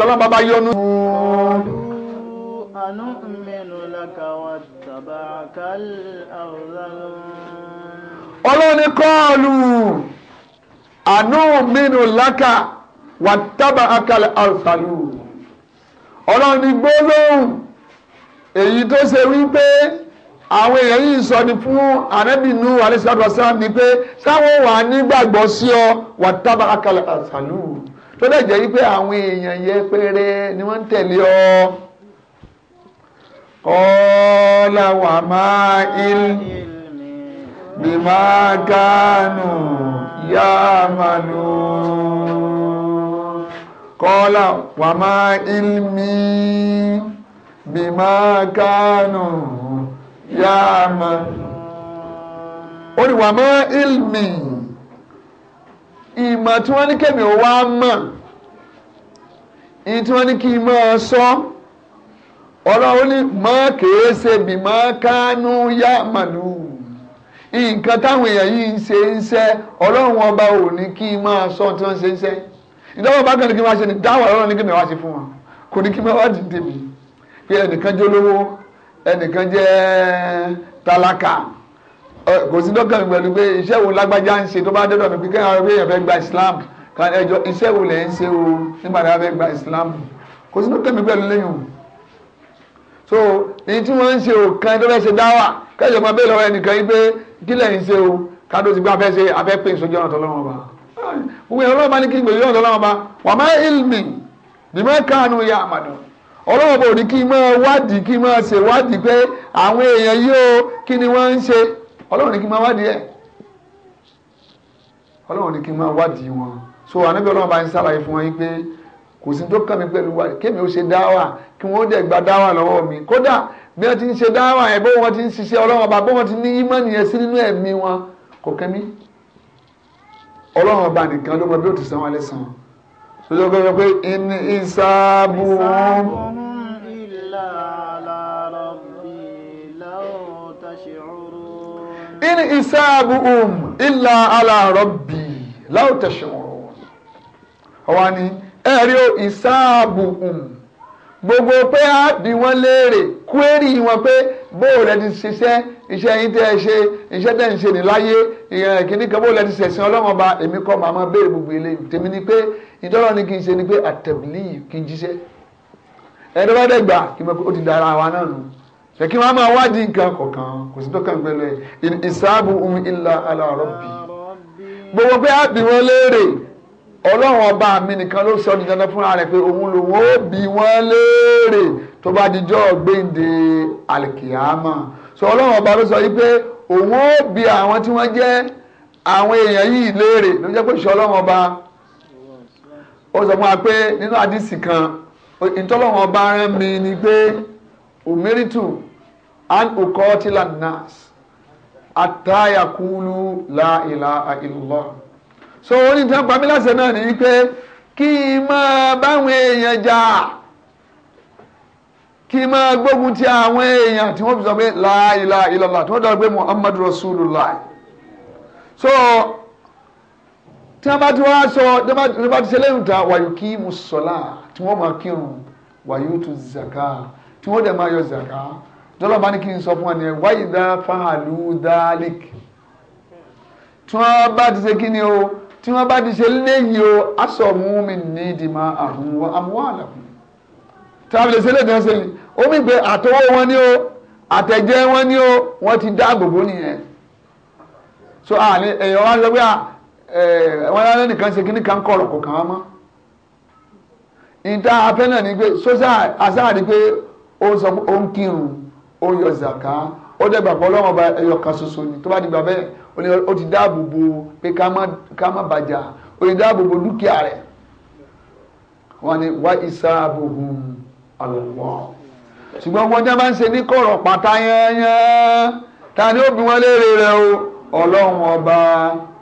tọ́lá bàbá yọnu. àánú mẹ́nu làkàwà tàbá kálí àwòrán. ọlọ́run ní kọ́ọ̀lù àánú mẹ́nu làkà wà tábà akálí àwòrán. ọlọ́run ní gbólóhùn èyí tó ṣe wípé àwọn èèyàn yìí sọ ni fún ànábì nù alẹ́sàdùn asálàm ni pé sáwọn wà nígbàgbọ́ sí ọ wà tábà akálẹ̀ àṣàlù tó lè jẹ́ wípé àwọn èèyàn yẹpẹrẹ ni wọ́n ń tẹ̀lé ọ kọ́ọ́lá wà máa il bí máa kánú yá màlú kọ́ọ́lá wà máa il mi bí máa kánú yá màlú. ó ní wà máa il mi ìmọ̀ tí wọ́n ní kẹ́mi ò wá mọ̀ ìyí tí wọ́n ní kí n máa sọ ọlọ́run ní mọ́ kèé ṣe bí mọ́ kánú yá màlú nǹkan táwọn èèyàn yìí ń ṣe ń ṣe ọlọ́run ọba ò ní kí n máa sọ tí wọ́n ṣe ń ṣe ìdáwọ̀ bá kàn ní kí n máa ṣe ní dáwọ̀ ọlọ́run ní kí n máa ṣe fún wọn kò ní kí n máa wá dìde pé ẹnìkan jẹ́ ẹnìkan jẹ́ tálákà kò sí dọ́kàn pẹ̀lú pé iṣẹ́ wo lágbájá ń ṣe tó bá dọ́dọ̀ mi pé kẹ́hìn àwọn èèyàn fẹ́ gba Islam kan ẹjọ́ iṣẹ́ wo lẹ̀ ń ṣe o nígbà tá a fẹ́ gba Islam kò sí dọ́kàn mi pẹ̀lú lẹ́yìn o so èyí tí wọ́n ń ṣe òkan tó fẹ́ ṣe dáwà kẹ́jọ máa bẹ́ẹ̀ lọ́wọ́ ẹnìkan yìí pé kí lẹ̀ ń ṣe o kádó ti gbá fẹ́ ṣe afẹ́ pé ìṣojú ọ̀nà tọ́lọ́wọ́n ba òwe ọlọ́run bá ní kí n gbèrè ọ̀nà tọ́lọ́wọ́n ba wà má ilmi bí má kánú ya àmàdùn ọlọ́run bò ní kí n máa wádìí kí n máa ṣèwádìí pé o kí ni wọ́n ọlọ́run ní kí n máa wádìí ẹ̀ ọlọ́run ní kí máa wádìí wọn so ànábì ọlọ́run bá ń sàlàyé fún wọn yín pé kò sí tó kàn mí pẹ̀lú wádìí kémi ó ṣe dáwà kí wọ́n dẹ̀ gba dáwà lọ́wọ́ mi kódà bí wọ́n ti ń ṣe dáwà ẹ̀ bó wọ́n ti ń ṣiṣẹ́ ọlọ́run ọba bó wọ́n ti ní ímọ̀ nìyẹn sí nínú ẹ̀mí wọn kò kẹ́mi ọlọ́run ọba nìkan ló mọ bí ó ti san wọn lẹ́sàn-án tó ló gbọ́dọ̀ pé ní ìsáàbù wọn in isaabuhum illa ala rabbi láò tẹ̀síwọ̀n ọ̀wá ni ẹ rí o isaabuhum gbogbo pé á bí wọ́n léèrè kúérì wọn pé bóò lẹ ti ṣiṣẹ́ iṣẹ́ yín tẹ́ ẹ ṣe iṣẹ́ tẹ́ ń ṣe ní láyé kìíní kan bóò lẹ ti ṣẹ̀sìn ọlọ́run ọba èmi kọ́ màá máa béèrè gbogbo eléyìí tèmi ni pé ìdọ́rọ̀ ni kì í ṣe ni pé àtẹ̀bílì kì í jíṣẹ́ ẹ̀ẹ́dọ́gbàdẹ́gbà kì í mọ̀ pé ó ti dára wa náà nù ṣe kí wọ́n máa wádìí nǹkan kọ̀ọ̀kan kò sí tó kàn pẹ̀lú ẹ̀ ìsáàbù ohun ilà alárọ̀bì gbogbo pé àbí wọn léèrè ọlọ́run ọba mi nìkan ló sọ ní dandan fúnra rẹ̀ pé òun lòun ó bí wọn léèrè tó bá dijọ́ gbéǹde alikiyama sọ ọlọ́run ọba ló sọ yìí pé òun ó bí àwọn tí wọ́n jẹ́ àwọn èèyàn yìí léèrè ló jẹ́ pé ṣe ọlọ́run ọba ó sọ fún wa pé nínú àdìsí kan ìtọ́lọ́run ọba rán mi ni pé òmírìtù an uqatilan nas la láìlà àìlọ́ so oní tí wọ́n pa mí láṣẹ náà ni pé kí n máa báwọn èèyàn jà kí n máa gbógun ti àwọn èèyàn tí wọ́n fi sọ pé láìlà ìlọ́lá tí wọ́n dọ̀ pé rasulullah so tí wọ́n bá ti wá sọ tí wọ́n bá ti ṣe lẹ́yìn ta wàyò kí mu sọ́lá tí wọ́n máa kírun wàyò tu zaka tí wọ́n dẹ̀ máa yọ zaka tọ́lọ́ bá ní kí n sọ fún wa ni wáyé dá fáhàlú dálík tí wọ́n bá ti ṣe kí ni o tí wọ́n bá ti ṣe léyìí o aṣọ mú mi ní ìdìmọ̀ àrùn àwọn àlàkùn tí wọ́n lè ṣe léyìí náà ṣe lè pé àtọwọ́ wọn ni o àtẹ̀jẹ́ wọn ni o wọ́n ti dáàbò bò nìyẹn so àní èèyàn wá lọ pé wọ́n yára nìkan ṣe kíní kan kọ̀rọ̀ kò kàn án mọ́ ìta afẹ́ náà ni pé sọ́sà àṣà rí pé ó ń kírun ó ń yọ zàká ó dẹ̀ gbàgbọ́ ọlọ́run ọba ẹyọ kan ṣoṣo ni tó bá ti gbà bẹ́ẹ̀ ó ti dáàbò bo pé ká má bàjá ó ti dáàbò bo dúkìá rẹ̀ wọ́n ní wá isa abohun àlọ́wọ́ ṣùgbọ́n wọ́n jẹ́ máa ń ṣe ní kọ̀rọ̀ pátá yẹ́nyẹ́n ta ni ó bi wọ́n léèrè rẹ̀ o ọlọ́run ọba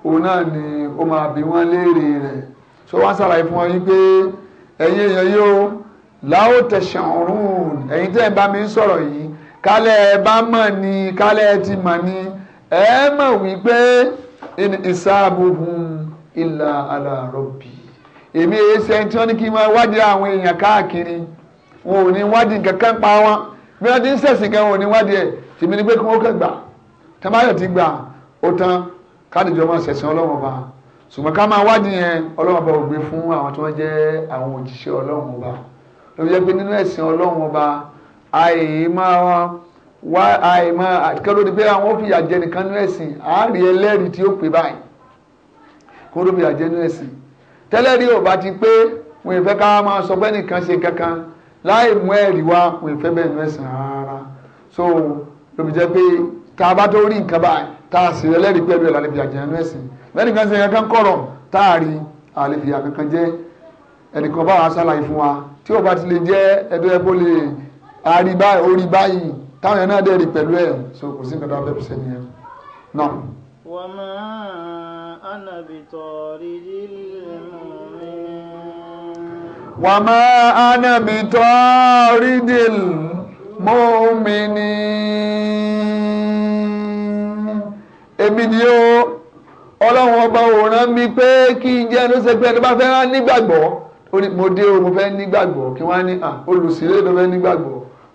òun náà ni ó máa bi wọ́n léèrè rẹ̀ so wọ́n ṣàlàyé fún wọn yí pé ẹ̀yin èèyàn yìí o láò tẹ̀sán ọ̀run ẹ̀yin tẹ́ ẹ̀ bá mi ń sọ̀rọ̀ yìí kálẹ̀ ẹ bá mọ̀ ni kálẹ̀ ẹ ti mọ̀ ni ẹ mọ̀ wípé ìsáàbùhùn ìlà alárọ̀bì èmi èyí e ṣe tí wọ́n ní kí n máa wádìí àwọn èèyàn káàkiri wọn ò ní wádìí kankan pa wọn bí wọ́n ti ń ṣẹ̀sìn kan wọn ò ní wádìí ẹ̀ tèmi ni pé kí wọ́n kàn gbà tẹ́máyọ̀ ti gbà ó tán kádìjọ́ máa ṣẹ̀sìn ọlọ́run ọba ṣùgbọ́n ká máa wádìí yẹn ọlọ́run ọba ò gbé fún àwọn tí wọ́n jẹ́ àwọn òjíṣẹ́ ọlọ́run ọba ló fi pé nínú ẹ̀sìn ọlọ́run ọba àìmọ́ wá àìmọ́ kí ló di pé àwọn fìyà jẹ nìkan nínú ẹ̀sìn àárí ẹlẹ́rìí tí ó pè báyìí kó ló fìyà jẹ nínú ẹ̀sìn tẹ́lẹ̀rí ò bá ti pé wọn ìfẹ́ ká máa sọ pé nìkan ṣe kankan láì mú ẹ̀rí wá wọn ìfẹ́ bẹ́ẹ̀ nínú ẹ̀sìn rárá so ló fi jẹ́ pé tá a bá tó rí nǹkan báyìí tá a sì ẹlẹ́rìí pẹ̀lú ẹ̀ lálẹ́ fìyà jẹ nínú ẹ̀sìn lẹ́nu kan ṣe kankan kọ̀rọ̀ tá a kankan jẹ́ ẹ̀dọ́ àrí báyìí orí báyìí táwọn yẹn náà dẹ̀ rí pẹ̀lú ẹ̀ so kò sí nǹkan tó abẹ́ pèsè nìyẹn náà. wa ma ana bitaridil mu'minin. wa ma ana bitaridil mu'minin. èmi ni ó ọlọ́run ọba òòràn mi pé kí n jẹ́ ló ṣe pé ẹni bá fẹ́ rán nígbàgbọ́ ó ní mo dé o mo fẹ́ nígbàgbọ́ kí wọ́n á ní olùsílẹ̀ ló fẹ́ nígbàgbọ́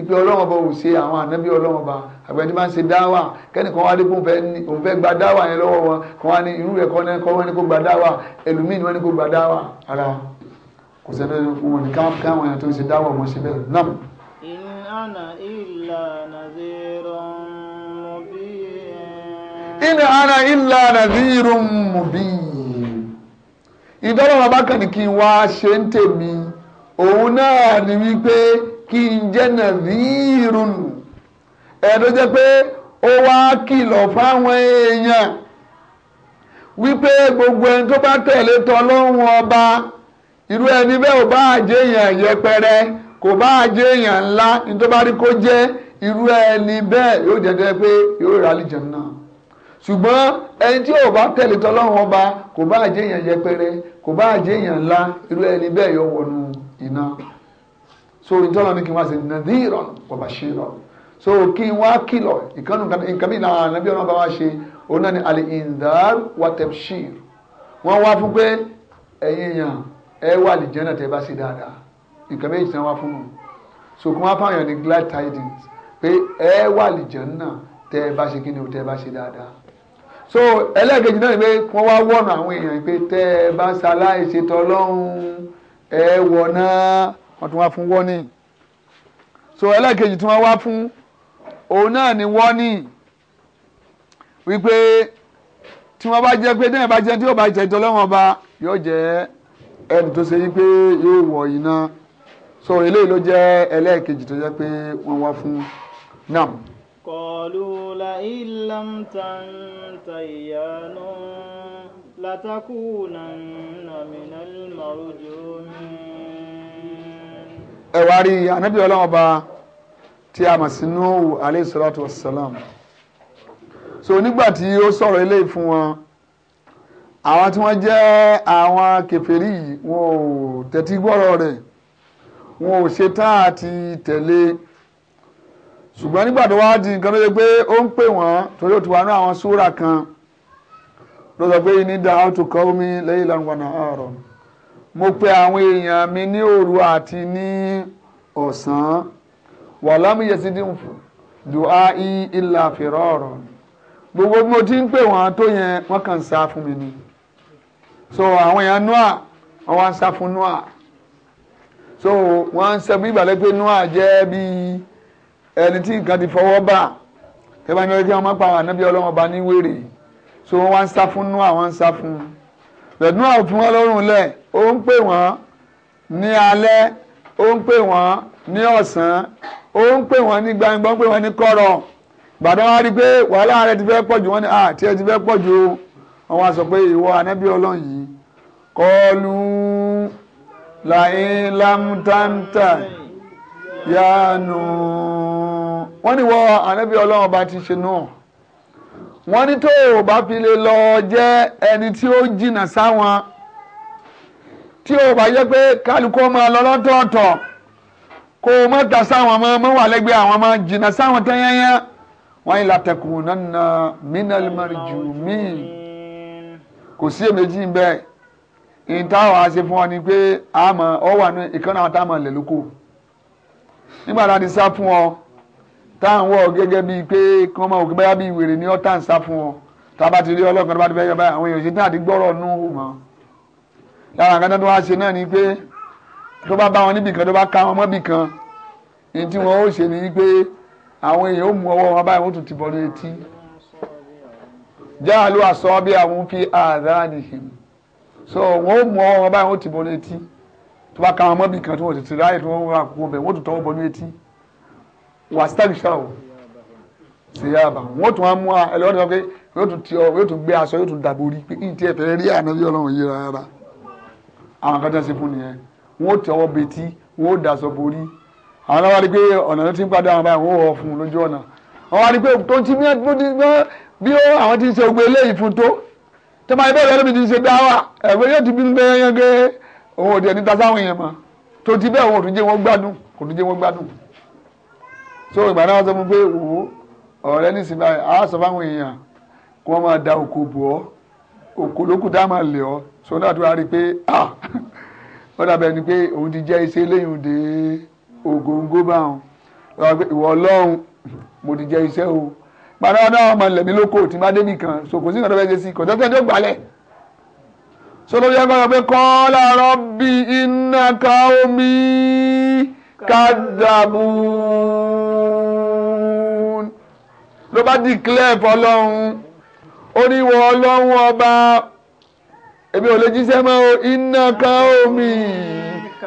ipe ọlọ́wọ́n bá ò ṣe àwọn ànábì ọlọ́wọ́n bá àgbẹ̀dì máa ń ṣe dáwà kẹ́nìkan wá dípò òun fẹ́ gba dáwà yẹn lọ́wọ́ wọn kí wọ́n ní irú rẹ̀ kọ́ kọ́ wọ́n ní kó gba dáwà ẹlòmíì ni wọ́n ní kó gba dáwà ara kò sẹ́ni wọn ní káwọn yẹn tó ń ṣe dáwà wọn ṣe bẹ́ẹ̀ nam. in ana illa nadhirun mubin. in ana illa nadhirun mubin. ìdọ́lọ́wọ́ bá kàn ní kí n wá ni wípé. kí n jẹ́ nàvírùn ẹ̀ tó jẹ́ pé ó wá kìlọ̀ fáwọn èèyàn wípé gbogbo ẹni tó bá tẹ̀lé tọlọ́run ọba irú ẹni bẹ́ẹ̀ ò bá àjẹ́ èèyàn yẹpẹrẹ kò bá àjẹ́ èèyàn ńlá ní tó bá rí kó jẹ́ irú ẹni bẹ́ẹ̀ yóò jẹ́jẹ́ pé yóò rà náà ṣùgbọ́n ẹni so ìjọba ni kí n wá sí nàdírọ̀ ọba ṣe so kí n wá kìlọ̀ ìkànnì nǹkan bí làwọn ànábì ọ̀nà bá wá ṣe òun náà ni alẹ́ ìndàr wàtẹ̀ṣìr wọ́n wá fún pé ẹ̀yin èèyàn ẹ wà lè náà tẹ́ bá ṣe dáadáa nǹkan méjì tí wọ́n wá fún un so kí wọ́n fáwọn èèyàn ní glad tidings pé ẹ wà lè náà tẹ́ bá ṣe kí ni o tẹ́ bá ṣe dáadáa so ẹlẹ́ẹ̀kejì náà ni pé wọ́n wá wọ̀nà àwọn èèyàn pé tẹ́ bá ṣaláìṣe tọ́lọ́hún ẹ wọ̀ náà wọ́n tún wá fún warning so ẹlẹ́ẹ̀kejì tí wọ́n wá fún òun náà ni warning wípé tí wọ́n bá jẹ́ pé déyìn bá jẹ́ tí yóò bá jẹ́ ìtọ́ lọ́wọ́n ọba yóò jẹ́ ẹni tó ṣe wípé yóò wọ̀ iná so eléyìí ló jẹ́ ẹlẹ́ẹ̀kejì tó jẹ́ pé wọ́n wá fún náà. قالوا لئن لم تنته يا نوح لتكونن من المرجومين ẹ̀wà rí ànábì ọlọ́run ọba tí a mọ̀ sí Nuhu alayhi salatu so nígbà tí ó sọ̀rọ̀ eléyìí fún wọn àwọn tí wọ́n jẹ́ àwọn kèfèrí yìí wọn ò tẹ́tí gbọ́rọ̀ rẹ̀ wọn ò ṣetán àti tẹ̀lé ṣùgbọ́n nígbà tó wá di nǹkan tó yẹ pé ó ń pè wọ́n torí ó ti wà ní àwọn súra kan ló pé ní da'awtu qaumi laylan wa nahara mo pe àwọn èèyàn mi ní òru àti ní ọ̀sán wàlámù yẹsídì dùá í ìlà fèrè ọ̀rọ̀ gbogbo bí mo ti ń pè wọ́n tó yẹn wọ́n kàn ń sá fún mi ni so àwọn èèyàn noa wọ́n wá ń sá fún noa so wọ́n ń sẹ́ bí ìgbàlẹ́ pé noa jẹ́ bí ẹni tí nǹkan ti fọwọ́ bà kẹ́bàá ní ọjọ́ kí wọ́n má pa àwọn ànábì ọlọ́mọba ní wèrè so wọ́n wá ń sá fún noa wọ́n ń sá fún un rẹ̀dúnà ò fi wọ́n lọ́rùn lẹ̀ ó ń pè wọ́n ní alẹ́ ó ń pè wọ́n ní ọ̀sán ó ń pè wọ́n ní gbangba ó ń pè wọ́n ní kọ̀rọ̀ gbàdán wá rí i pé wàhálà rẹ ti fẹ́ pọ̀ jù wọ́n ní àti ah, ẹ ti fẹ́ pọ̀ jù wọ́n wá sọ pé ìwọ ànábì ọlọ́run yìí kọlu láì yánu wọ́n ní wọ́n ànábì ọlọ́run ọba ti ṣe náà wọ́n ní tó o bá fi lè lọ jẹ́ ẹni tí ó jìnnà sáwọn tí o bá yẹ pé kálukú máa lọ lọ́tọ̀ọ̀tọ̀ kó o má ta sáwọn ọmọ ọmọ wà lẹ́gbẹ̀ẹ́ àwọn ọmọ jìnnà sáwọn tẹ́yẹ́yẹ́ wọ́n yìí látẹ̀kùn nánà mínàlímárì jù míì kò sí èméjì bẹ́ẹ̀ ìtawọ̀ àṣẹ fún ọ ni pé àmọ́ ọ wà ní ìkànnà àtàmọ̀ lẹ́lókò nígbà tá a ti sá fún ọ táwọn wọ̀ gẹ́gẹ́ bíi pé kí wọ́n máa wò kí báyà bíi wèrè ní ọ́tà ń sá fún ọ tá a bá ti rí ọlọ́kan tó bá ti fẹ́ yọ báyà àwọn èèyàn ṣe tí àti gbọ́rọ̀ nù mọ́ lára nǹkan tó wá ṣe náà ni pé tó bá bá wọn níbì kan tó bá ká wọn mọ́bì kan ní tí wọn ó ṣe ni pé àwọn èèyàn ó mú ọwọ́ wọn báyìí wọ́n tún ti bọ́ lé etí jáàlú àsọ bí àwọn fi àdá nìyẹn so wọn ó mú ọwọ́ wọn báyìí wọ́n ti bọ́ lé etí tó bá ká wọn mọ́bì kan tí wọ́n ti ti ráyè tí wọ́n wà kó bẹ̀ wọ́n tún tọwọ́ bọ́ lé etí wàsítẹ́lì ṣáà síyáàbà wọ́n tún wá mú ẹlẹ́wọ́n tó sọ pé yóò tún ti ọ yóò tún gbé aṣọ yóò tún dàborí pé kí n tiẹ̀ fẹ́ rí ànábì ọlọ́run yìí rárá àwọn kan tẹ́ sí fún nìyẹn wọ́n ti ọwọ́ betí wọ́n ó daṣọ borí àwọn aláwárí pé ọ̀nà tó ti ń padà àwọn báyìí wọ́n wọ̀ fún un lójú ọ̀nà àwọn arí pé tó ti bí àwọn ti ṣe gbé eléyìí fún tó tó máa bẹ́ẹ̀ lọ́dún mi ti ṣe dáwà ẹ̀fọ́ yóò ti bínú bẹ́ẹ̀ yẹn gé òun ò so ìgbà náà sọ fún pé wò ó ọ̀rẹ́ ní sinmi á sọ fáwọn èèyàn kí wọ́n máa da òkò bò ọ́ òkò lókù dá máa lè ọ́ so náà tó wá rí i pé ah ó dàbẹ̀ ni pé òun ti jẹ́ iṣẹ́ lẹ́yìn òde ògóńgó bá wọn ìwọ ọlọ́run mo ti jẹ́ iṣẹ́ o gbàdá ọdọ́ ọmọ ìlẹ̀mí lóko tí má débì kan so kò sí ìkànnì bẹ́ẹ̀ ṣe sí kò tẹ́tẹ́ tó gbalẹ̀ so lórí ẹgbẹ́ wọn pé kọ́ làárọ̀ bí iná ká omi kazabun ló bá declare fọlọ́run ó ní wọ ọlọ́run ọba èmi ò lè jíṣẹ́ mọ́ o iná ká omi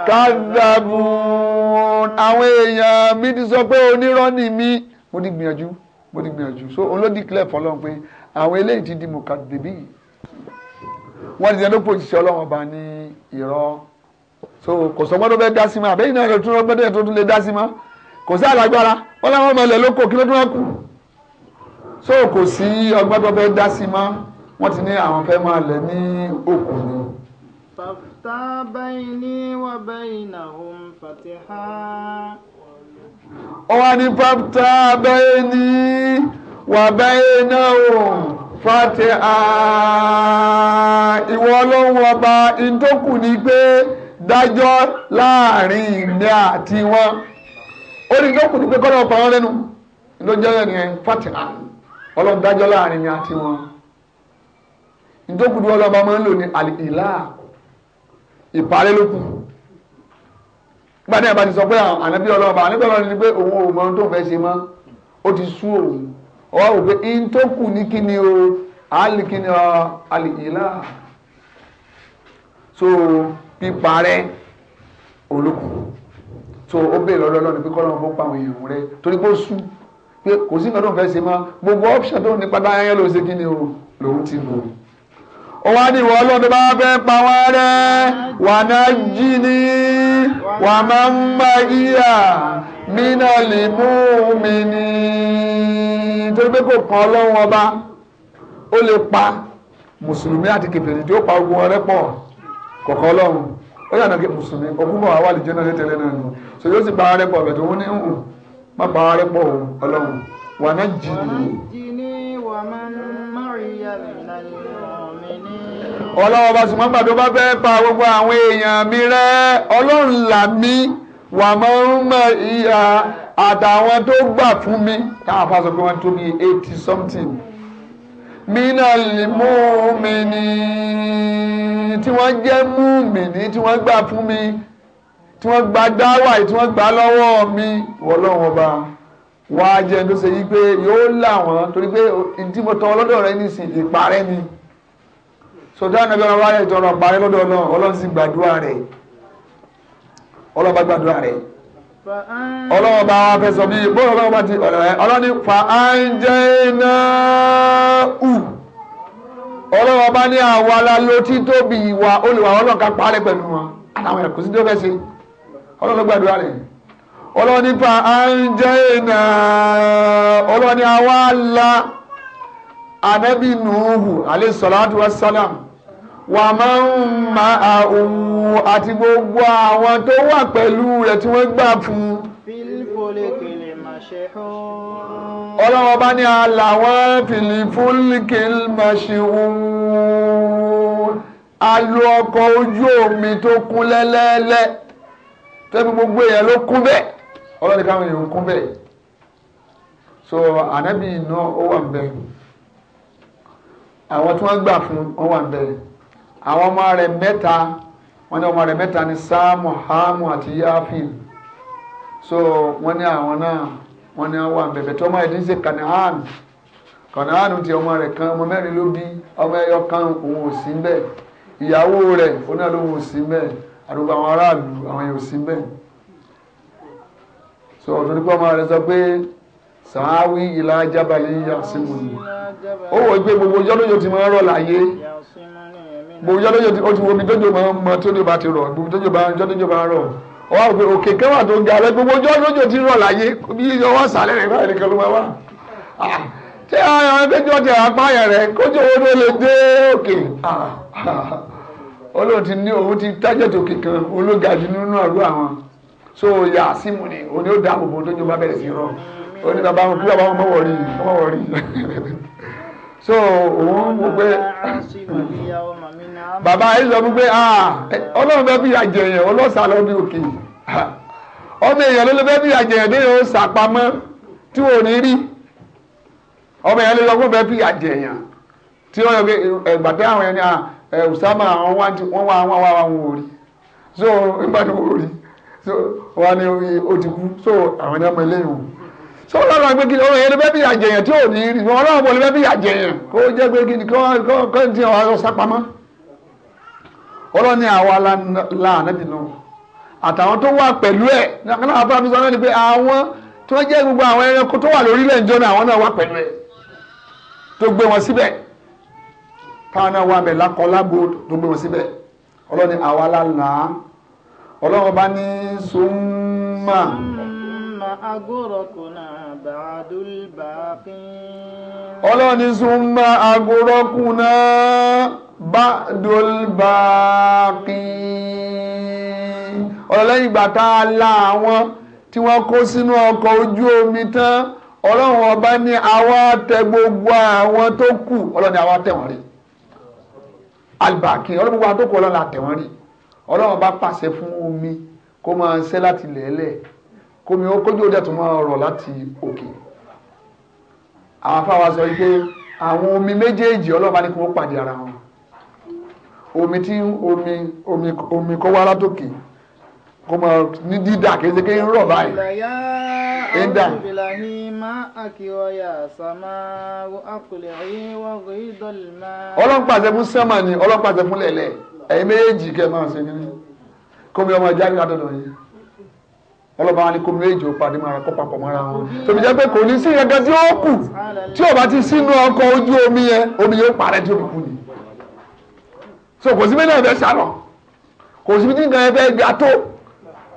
kazabun àwọn èèyàn mi ti sọ pé onírọ́ ni mí mo ti gbìyànjú mo ti gbìyànjú so òun ló declare fọlọ́run pé àwọn eléyìí ti di mọ̀kàdébí wọ́n ti sẹ́ni ó pòjìṣẹ́ ọlọ́run ọba ní irọ́ so kò sọ gbọ́dọ̀ bẹ́ẹ̀ dá sí ma àbẹ́yìn náà tún ọgbọ́dọ̀ tó tún lè dá sí ma kò sí àlágbára wọn làwọn ọmọ ilẹ̀ lóko kí ló tún wá kù so kò sí ọgbọ́dọ̀ bẹ́ẹ̀ dá sí ma wọ́n ti ní àwọn fẹ́ máa lẹ̀ ní òkú ni. fàtà bayni wa baynahum fatiha. ó wá ní fàtà bayni wa baynahum fatiha ìwọ ọlọ́run ọba ìdókù ni pé dájọ́ láàrin ìní àti wọn ó ní lókùn ní pé kọ́nà ọ̀pọ̀ wọn lẹ́nu ló jẹ́ ẹ̀rìn ẹ̀ fatiha ọlọ́run dájọ́ láàrin ìní àti wọn ìdókùn ọlọ́ba máa ń lò ní àlìlá ìparẹ́ lókùn gbadé ẹ̀ bá ti sọ pé ànábí ọlọ́ba ànábí ọlọ́ba ni pé òun ò mọ ohun tó fẹ́ ṣe mọ́ ó ti sú òun ọwọ́ wò pé in ní kíni o àlìkíni àlìlá so píparẹ́ olókùn so ó bèèrè lọ́dọ́ lọ́dọ́ pé kọ́lọ́mù fún pàwọn èèyàn rẹ torí pé ó sú pé kò sí nǹkan tó ń fẹ́ ṣe mọ́ gbogbo option tó ń nípa dáyẹn ló ṣe kí ni o lòun ti lò ó wá ní ìwọ ọlọ́dún bá fẹ́ pa wá rẹ wà náà jí ni wà máa ń má yíyà mínà lè mú mi ni torí pé kò kan ọlọ́run ọba ó lè pa mùsùlùmí àti kèfèrè tí ó pa ogun ọrẹ pọ̀ kọ̀ọ̀kan ọlọ́run Oya na kí mùsùlùmí ọgbọ́n àwọn àlìjẹ́ náà lè náà nù so yóò sì bá ara rẹ̀ pọ̀ bẹ̀tẹ̀ òun ní ń má bá ara rẹ̀ pọ̀ ọlọ́run wà náà jì ní. ọlọ́wọ́ bá sùnmọ́ gbàdó bá fẹ́ pa gbogbo àwọn èèyàn mi rẹ́ ọlọ́run là mí wà máa ń mọ ìyá àtàwọn tó gbà fún mi káà fásitì pé tó bí eighty something mínàlì múmìnì tí wọ́n jẹ́ múmìnì tí wọ́n gbà fún mi tí wọ́n gba dáwà tí wọ́n gbà lọ́wọ́ mi wọ́lọ́wọ́ bá wá jẹ́ tó ṣe yí pé yóò là wọ́n torí pé ìdí mo tọ́ ọlọ́dọ̀ rẹ ní ìsìn ìparẹ́ ni sọdọ́ ànábẹ́ ọlọ́wọ́ rẹ̀ tọrọ àparẹ́ lọ́dọ̀ ọlọ́run ọlọ́run sì gbàdúrà rẹ̀ ọlọ́ba gbàdúrà rẹ̀ Ọlọọba bá fẹ́ sọ mí bóyá ọlọ́wọ́n bá ti ọlọ́ni fa ù ní àwọn la tóbi ìwà olùwà ọlọ́run parẹ́ pẹ̀lú wọn àtàwọn ẹ̀kọ́ sí ó fẹ́ ṣe ọlọ́run gbàdúrà rẹ̀ ọlọ́ni fa wà máa ń ma àwọn àti gbogbo àwọn tó wà pẹ̀lú rẹ̀ tí wọ́n gbà fún. ọlọ́wọ́ bá ní àlà wọ́n fìlì káwọn èèyàn kún bẹ́ẹ̀ so ànábì iná ó wà ń bẹ́ẹ̀ àwọn tí wọ́n gbà fún wọn ń bẹ́ẹ̀ àwọn ọmọ rẹ̀ mẹ́ta wọ́n ní ọmọ rẹ̀ mẹ́ta ni sáàmù hàmù àti yáfìn so wọ́n ní àwọn náà wọ́n ní àwọn àbẹ̀bẹ̀ tó ọmọ ẹ̀ ní ṣe kanahan kanahan ti ọmọ rẹ̀ kan ọmọ mẹ́rin ló bí ọmọ ẹyọ kan òun ò sí bẹ́ẹ̀ ìyàwó rẹ̀ òun náà lóun ò sí bẹ́ẹ̀ àdúgbò àwọn aráàlú àwọn èèyàn sí bẹ́ẹ̀ so ọ̀tún nípa ọmọ rẹ̀ sọ pé sàáwí ìlà ajábalẹ̀ yíyà sí mu ni ó wọ gbé gbogbo ọjọ́ lójó ti máa ń rọ̀ láyé gbogbo yọ o ti omi tójú máa ń mọ tójú bá ti rọ̀ gbogbo bá ń bá rọ̀ ọ wá pé òkè kan tó ga rẹ gbogbo ọjọ́ ti rọ̀ láyé bí ọwọ́ sàlẹ̀ rẹ̀ báyìí nìkan ló máa wà tí àwọn ẹgbẹ́jọ́ ti àpáyà rẹ̀ kójú owó ló lè dé òkè ọlọ́run ti ní òun ti tájẹ̀tì òkè kan ológa jù nínú ọ̀rọ̀ àwọn so yà á símù ni òun yóò dáàbò bò tójú so òun mú pé. bàbá yìí sọ a, ah, ọlọ́run fẹ́ lọ bí òkè ọmọ èèyàn ló lọ fẹ́ fi àjẹ sàpamọ́ tí ò ní rí ọmọ èèyàn lè lọ fún tí ó yọ pé ẹgbà tí àwọn ah, ẹni wọn wá wọn wá wọn wá wọn ò rí so wọn so wọn ni so àwọn ẹni ọmọ so ọlọ́run àgbẹ̀ kí yẹn ló bí àjẹyàn tí ò ní rí ọlọ́run bọ̀ ló bí àjẹyàn kó jẹ́ pé kí ni ọlọ́ni àwa láàánẹ́bì náà àtàwọn tó wà pẹ̀lú ẹ̀ náà àbúrò àbúrò náà ni pé àwọn tó jẹ́ gbogbo àwọn ẹranko tó wà lórílẹ̀ ìjọ náà àwọn náà wà pẹ̀lú ẹ̀ tó gbé wọn síbẹ̀ táwọn náà wà bẹ̀ lákọ lágbo tó gbé wọn síbẹ̀ ọlọ́ni àwa lálá ọlọ́run bá ní sùnmà. sùnmà agórọ̀kùnà ọlọ́run ní súnmọ́ agorọ́kùn náà bá dòlbà kí ọlọ́lẹ́yìn ìgbà tá a la àwọn tí wọ́n kó sínú ọkọ̀ ojú omi tán ọlọ́run ọba ní àwa tẹ gbogbo àwọn tó kù ọlọ́run ní àwa tẹ wọ́n rí albàkí ọlọ́run gbogbo àwọn tó kù ọlọ́run la tẹ wọ́n rí ọlọ́run ọba pàṣẹ fún omi kó máa ṣẹ́ láti lẹ̀ẹ́lẹ̀ kómi ó kójú òde tó máa rọ̀ láti òkè àwọn afáwa sọ wípé àwọn omi méjèèjì ọlọ́ọ̀bá ní kí wọ́n pàdé ara wọn omi tí omi omi omi kó wá látòkè kó máa ní dídà kéde ké ń rọ̀ báyìí ń dà. ọlọ́run pàṣẹ fún sẹ́mà ni ọlọ́run pàṣẹ fún lẹ̀lẹ̀ ẹ̀yin méjèèjì kẹ́ máa ṣe kí kómi ọmọ ìjà ní adọ́dọ̀ yìí ọlọ́ba ni kòmí méjì ó pàdé mara kó papọ̀ mọ́ra wọn tóbi jẹ́ pé kò ní sí gẹ́gẹ́ tí ó kù tí ó bá ti sínú ọkọ̀ ojú omi yẹn omi yóò parẹ́ tí ó fi kú ni so kò sí méjì ẹ̀fẹ́ sálọ kò sí méjì ẹ̀fẹ́ ga tó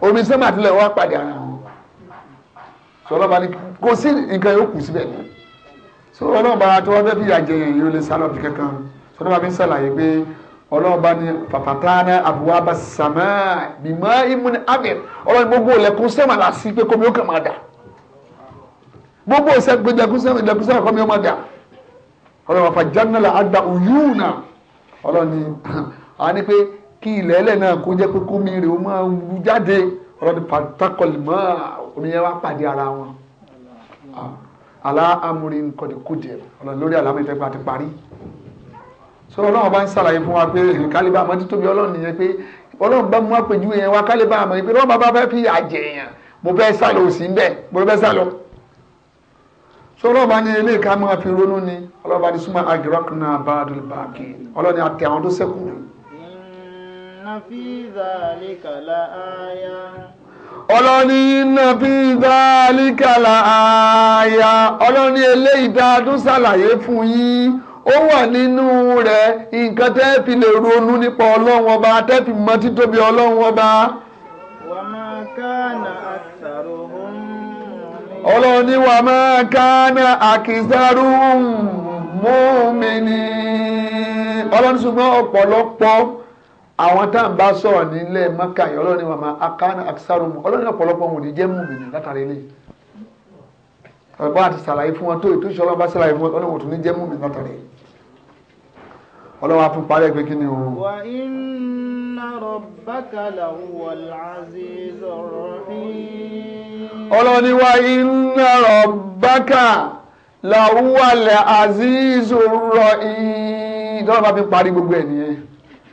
omi sẹ́mà tilẹ̀ wá pàdé ara wọn so ọlọ́ba ni kò sí nǹkan yóò kù síbẹ̀ ni so ọlọ́ba tí wọ́n fẹ́ fi ìyà jẹ yẹn yóò lè sálọ bí kankan so ọlọ́ba fi sàlàyé pé ọlọ́ọ̀bá ni fàfàtàánà àbúwábà sàmà bìmọ̀ ìmúni abẹ ọlọ́ọ̀ni gbogbo ìlẹ̀kùn sẹ́mà làásì pé kọ́mi ó kàn máa dà gbogbo ìlẹ̀kùn sẹ́mà ìlẹ̀kùn sẹ́mà kọ́mi ó máa dà ọlọ́ọ̀ni fàjánà là àgbà òyúùnà ọlọ́ọ̀ni à ní pé kí ilẹ̀ ẹlẹ̀ náà kó jẹ́ pé kómi rè ó máa wú jáde ọlọ́ọ̀ni pàtàkọ̀lì mọ́ omi yẹn wá pàdé ara wọn alá amúrin kọ̀dẹ̀kọ̀dẹ̀ ọlọ́ọ̀ni lórí àlámọ̀ so ọlọ́run bá ń ṣàlàyé fún wa pé kálíbà àmọ́ títóbi ọlọ́run nìyẹn pé ọlọ́run bá mú àpèjú yẹn wa kálíbà àmọ́ pé ọlọ́run bá fẹ́ fi àjẹ èèyàn mo fẹ́ sálọ òsì ń bẹ̀ mo fẹ́ sálọ. so ọlọ́run bá ní ilé ìka máa fi ronú ni ọlọ́run bá ní súnmọ́ agirọ́kùnà abadul baki ọlọ́run àti àwọn tó sẹ́kù ni. ọlọ́ni nàbí dáálíkàlà àyà ọlọ́ni eléyìí dáadún ṣàlàyé fún yín ó wà nínú rẹ̀ nǹkan tẹ́ fi lè ronú nípa ọlọ́run ọba tẹ́ fi mọ títóbi ọlọ́run ọba. wà á máa kánà àtàrò òun. ọlọ́run ní wà á máa kánà àkìsárù mú mi ní. ọlọ́run ṣùgbọ́n ọ̀pọ̀lọpọ̀ àwọn tá à ń bá sọ̀rọ̀ nílẹ̀ mọ́kà yìí ọlọ́run ní wà á máa kánà àkìsárù mú ọlọ́run ní ọ̀pọ̀lọpọ̀ wọn ò ní jẹ́ mú mi ní látàrí eléyìí ọ̀pọ̀ àti sàlàyé fún wọn tó ètò ìṣọ́lọ́ba sàlàyé fún wọn ọlọ́run ò tún ní jẹ́ mú mi látàrí eléyìí ọlọ́wà tún parẹ́ pé kí ni o. wà inna rabbaka lahuwal azizur rahim. ọlọ́ni wà inna rabbaka lahuwal azizur rahim. ìjọba bá fi parí gbogbo ẹ̀ nìyẹn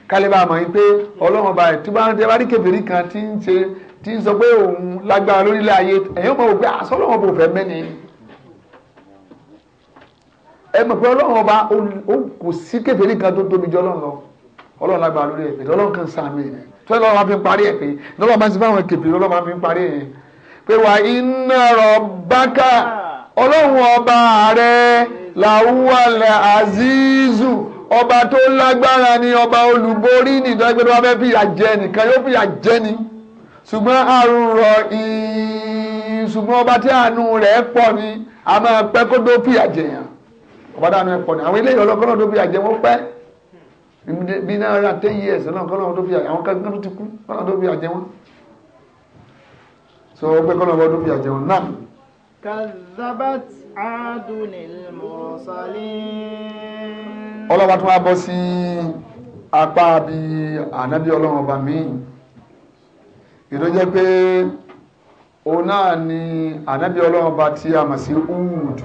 kálíbà mọ̀ yín pé ọlọ́run bá ẹ̀ tí wọ́n ti bá kèfèrí kan tí ń sọ pé òun lágbára lórílẹ̀ ayé ẹ̀yìn ọmọ òpin àsọ́lọ́wọ́n ah, bò fẹ́ mẹ́ni ẹ mọ̀ pé ọlọ́run ọba kò sí kèfèrí kan tó tóbi jọ ọlọ́run lọ ọlọ́run lágbára lórí ẹ̀mí ọlọ́run kan sàmì ẹ̀ tó lọ́wọ́ máa fi parí ẹ̀ pé lọ́wọ́ máa ti fún àwọn kèfèrí lọ́wọ́ máa fi parí ẹ̀ pé wà iná rọ̀ bákà ọlọ́run ọba rẹ làwùwalẹ̀ azizu ọba tó lágbára ni ọba olùborí nìjọ ẹgbẹ́ tó wá fẹ́ fìyà jẹ nìkan yóò fìyà jẹ ṣùgbọ́n àrùn rọ̀ ìyìn ṣùgbọ́n ọba tí àánú rẹ̀ pọ̀ ni a máa pẹ́ kó tó fìyà jẹ̀yàn ọba dáhùn ẹ̀ àwọn eléyìí ọlọ́kọ́lọ́ tó fi àjẹ wọn pẹ́ bí náírà ten years ọlọ́kọ́lọ́ tó fi àwọn kankan so ọgbẹ́ kọ́lọ́kọ́ tó fi ọlọ́wà tó wá bọ́ sí apá bíi ànábì ọlọ́run ọba míì ìdójẹ́ pé òun náà ni ànábì ọlọ́run tí a mọ̀ sí Hud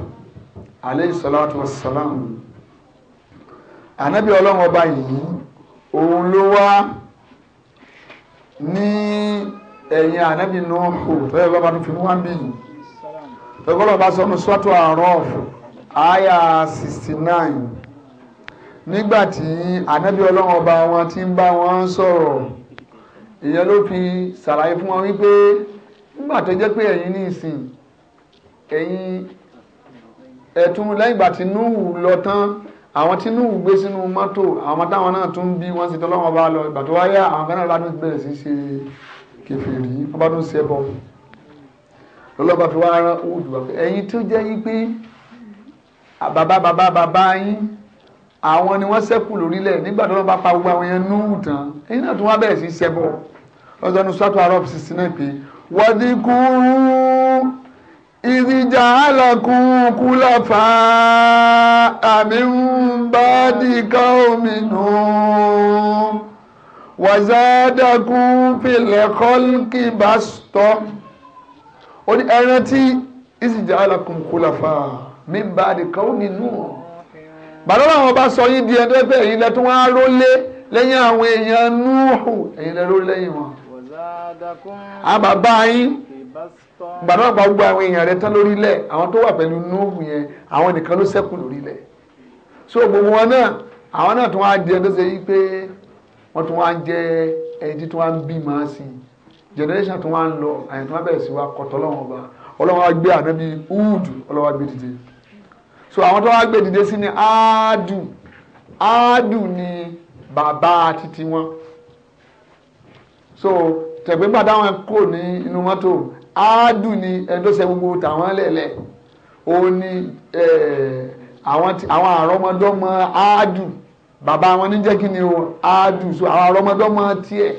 aleyhi salatu wa salam Anabi ọlọ́run ọba yìí òun ló wá ní ẹ̀yìn ànábì nùhù tọ́yọ̀ bá bá tún fi mú wá ń yìí tọ́gbọ́n ọba sọnù sọ́tò àrọ́f àyà sixty nine nígbà tí ànábì ọlọ́run ọba wọn ti ń bá wọn sọ̀rọ̀ ìyẹn ló fi ṣàlàyé fún wọn wípé nígbà tó jẹ́ pé ẹ̀yin ní ìsìn ẹ̀yin ẹ̀tún lẹ́yìn ìgbà tí núhù lọ tán àwọn tí núhù gbé sínú mọ́tò àwọn táwọn náà tún bí wọ́n sì tọ́lọ́wọ́n bá lọ ìgbà tó wáyé àwọn kan náà bá tún bẹ̀rẹ̀ sí ṣe kèfèrí wọ́n bá tún ṣe bọ́ lọ́lọ́ba fi wá rán òòdù wá pé ẹ̀yin tó jẹ́ yí pé bàbá bàbá bàbá yín àwọn ni wọ́n ṣẹ́kù lórílẹ̀ nígbà tó wọ́n bá pa gbogbo àwọn yẹn núhù tán ẹ̀yin náà tún wá bẹ̀rẹ̀ sí ṣẹbọ lọ́sọ̀nù sọ́tò arọ́pù ìdíjà alákùn kúláfà àmì ń bá dìkà omi nù wàzádàkùn fìlẹ̀ kọ́lùkì bá stọ́ ó ní ẹran tí ìdíjà alákùn kúláfà mi bá dìkà omi nù bàdọ́lá àwọn ọba sọ yín di ẹ̀ẹ́dẹ́gbẹ́ yìí lẹ́tọ́ wọn á rólé lẹ́yìn àwọn èèyàn núhù ẹ̀yìn lẹ́rú lẹ́yìn wọn. àwọn yín gbàdá àgbà gbogbo àwọn èèyàn rẹ̀ tán lórí ilẹ̀ àwọn tó wà pẹ̀lú nóòfù yẹn àwọn nìkan ló ṣẹ́kù lórí ilẹ̀ so gbogbo wọn náà àwọn náà tún wá jẹ tó ṣe yí pé wọ́n tún wá jẹ ẹni tí tún wá ń bí màá sí generation tún wá ń lọ àyàn tún wá bẹ̀rẹ̀ sí wa kọ̀tọ́ lọ́wọ́ ọba ọlọ́wọ́ wa gbé ànábi úùdù ọlọ́wọ́ wa gbé dìde so àwọn tó wá gbé dìde sí ni áádù áádù ni bàbá titi wọn so tẹ̀gbẹ́gbà dáwọn kò ní inú mọ́tò áádùn ni ẹni tó ṣe gbogbo tàwọn lẹ̀lẹ̀ òun ni àwọn àrọ́mọdọ́mọ áádùn bàbá wọn ní jẹ́ kí ni o áádùn so àwọn àrọ́mọdọ́mọ tiẹ̀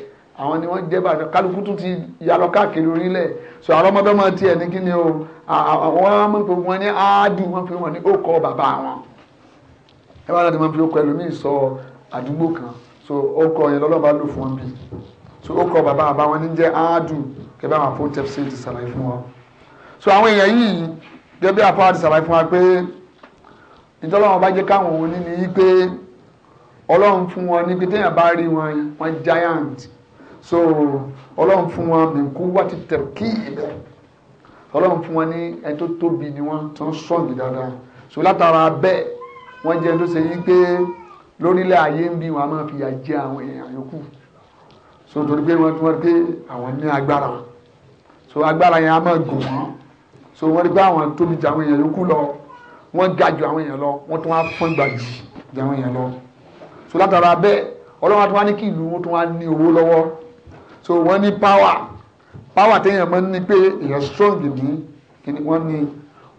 àwọn ni wọ́n jẹ́ bàtà kálukú tún ti yàrá káàkiri orílẹ̀ so àrọ́mọdọ́mọ tiẹ̀ ní kí ni o àwọn máa ń pè wọ́n ní áádùn wọ́n pè wọ́n ní òkọ bàbá wọn ẹ bá láti máa fi òkọ ẹlòmíì sọ àdúgbò kan so òkọ yẹn lọ́lọ́ba lò fún wọn bí so òkọ bàbá àbáwọn ní jẹ́ áádùn kẹbẹ́ àwọn afọ́ tẹ́fsí ti sàlàyé fún wa so àwọn èèyàn yìí gẹ́gẹ́ afọ́ ti sàlàyé fún wa pé ìtọ́lọ́wọ́n bá jẹ́ káwọn òní ni pé ọlọ́run fún wọn níbi téèyàn bá rí wọn wọn giant so ọlọ́run fún wọn mẹ́kú wá ti tẹ̀ kí ibẹ̀ ọlọ́run fún wọn ní ẹni tó tóbi ni wọ́n tó ń sọ̀gì dáadáa so látara bẹ́ẹ̀ wọ́n jẹ́ tó ṣe yí pé lórílẹ̀ ayé ń bí wọn a máa fìyà jẹ àwọn èèyàn yòókù so torí pé wọ́n ti wọ́n pé àwọn ní agbára wọn so agbára yẹn a máa gùn wọ́n so wọ́n rí pé àwọn tóbi ju àwọn èèyàn yòókù lọ wọ́n ga ju àwọn èèyàn lọ wọ́n tún wá fọ́n gbà jù ju àwọn èèyàn lọ so látara bẹ́ẹ̀ ọlọ́run àti wá ní kí ìlú wọn tún wá ní owó lọ́wọ́ so wọ́n ní power power téèyàn máa ń ní pé èèyàn strong ní kí ni wọ́n ní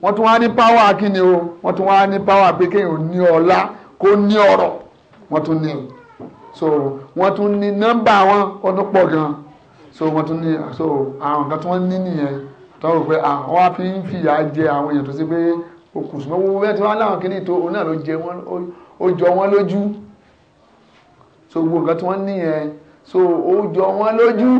wọ́n tún wá ní power kí ni o wọ́n tún wá ní power pé kéèyàn ní ọlá kó ní ọrọ̀ wọ́n tún ní so wọ́n tún ní nọ́mbà wọn wọ́n tún gan so wọ́n tún ní so àwọn nǹkan tí wọ́n ní nìyẹn tọ́wọ́ pé àwọn ah, wá fi ń fìyà jẹ àwọn èèyàn tó sí pé okùn sùn mọ́wọ́ tí wọ́n láwọn kìíní tó òun náà ló jẹ wọ́n ó jọ wọ́n lójú so gbogbo nǹkan tí wọ́n nìyẹn so ó jọ wọ́n lójú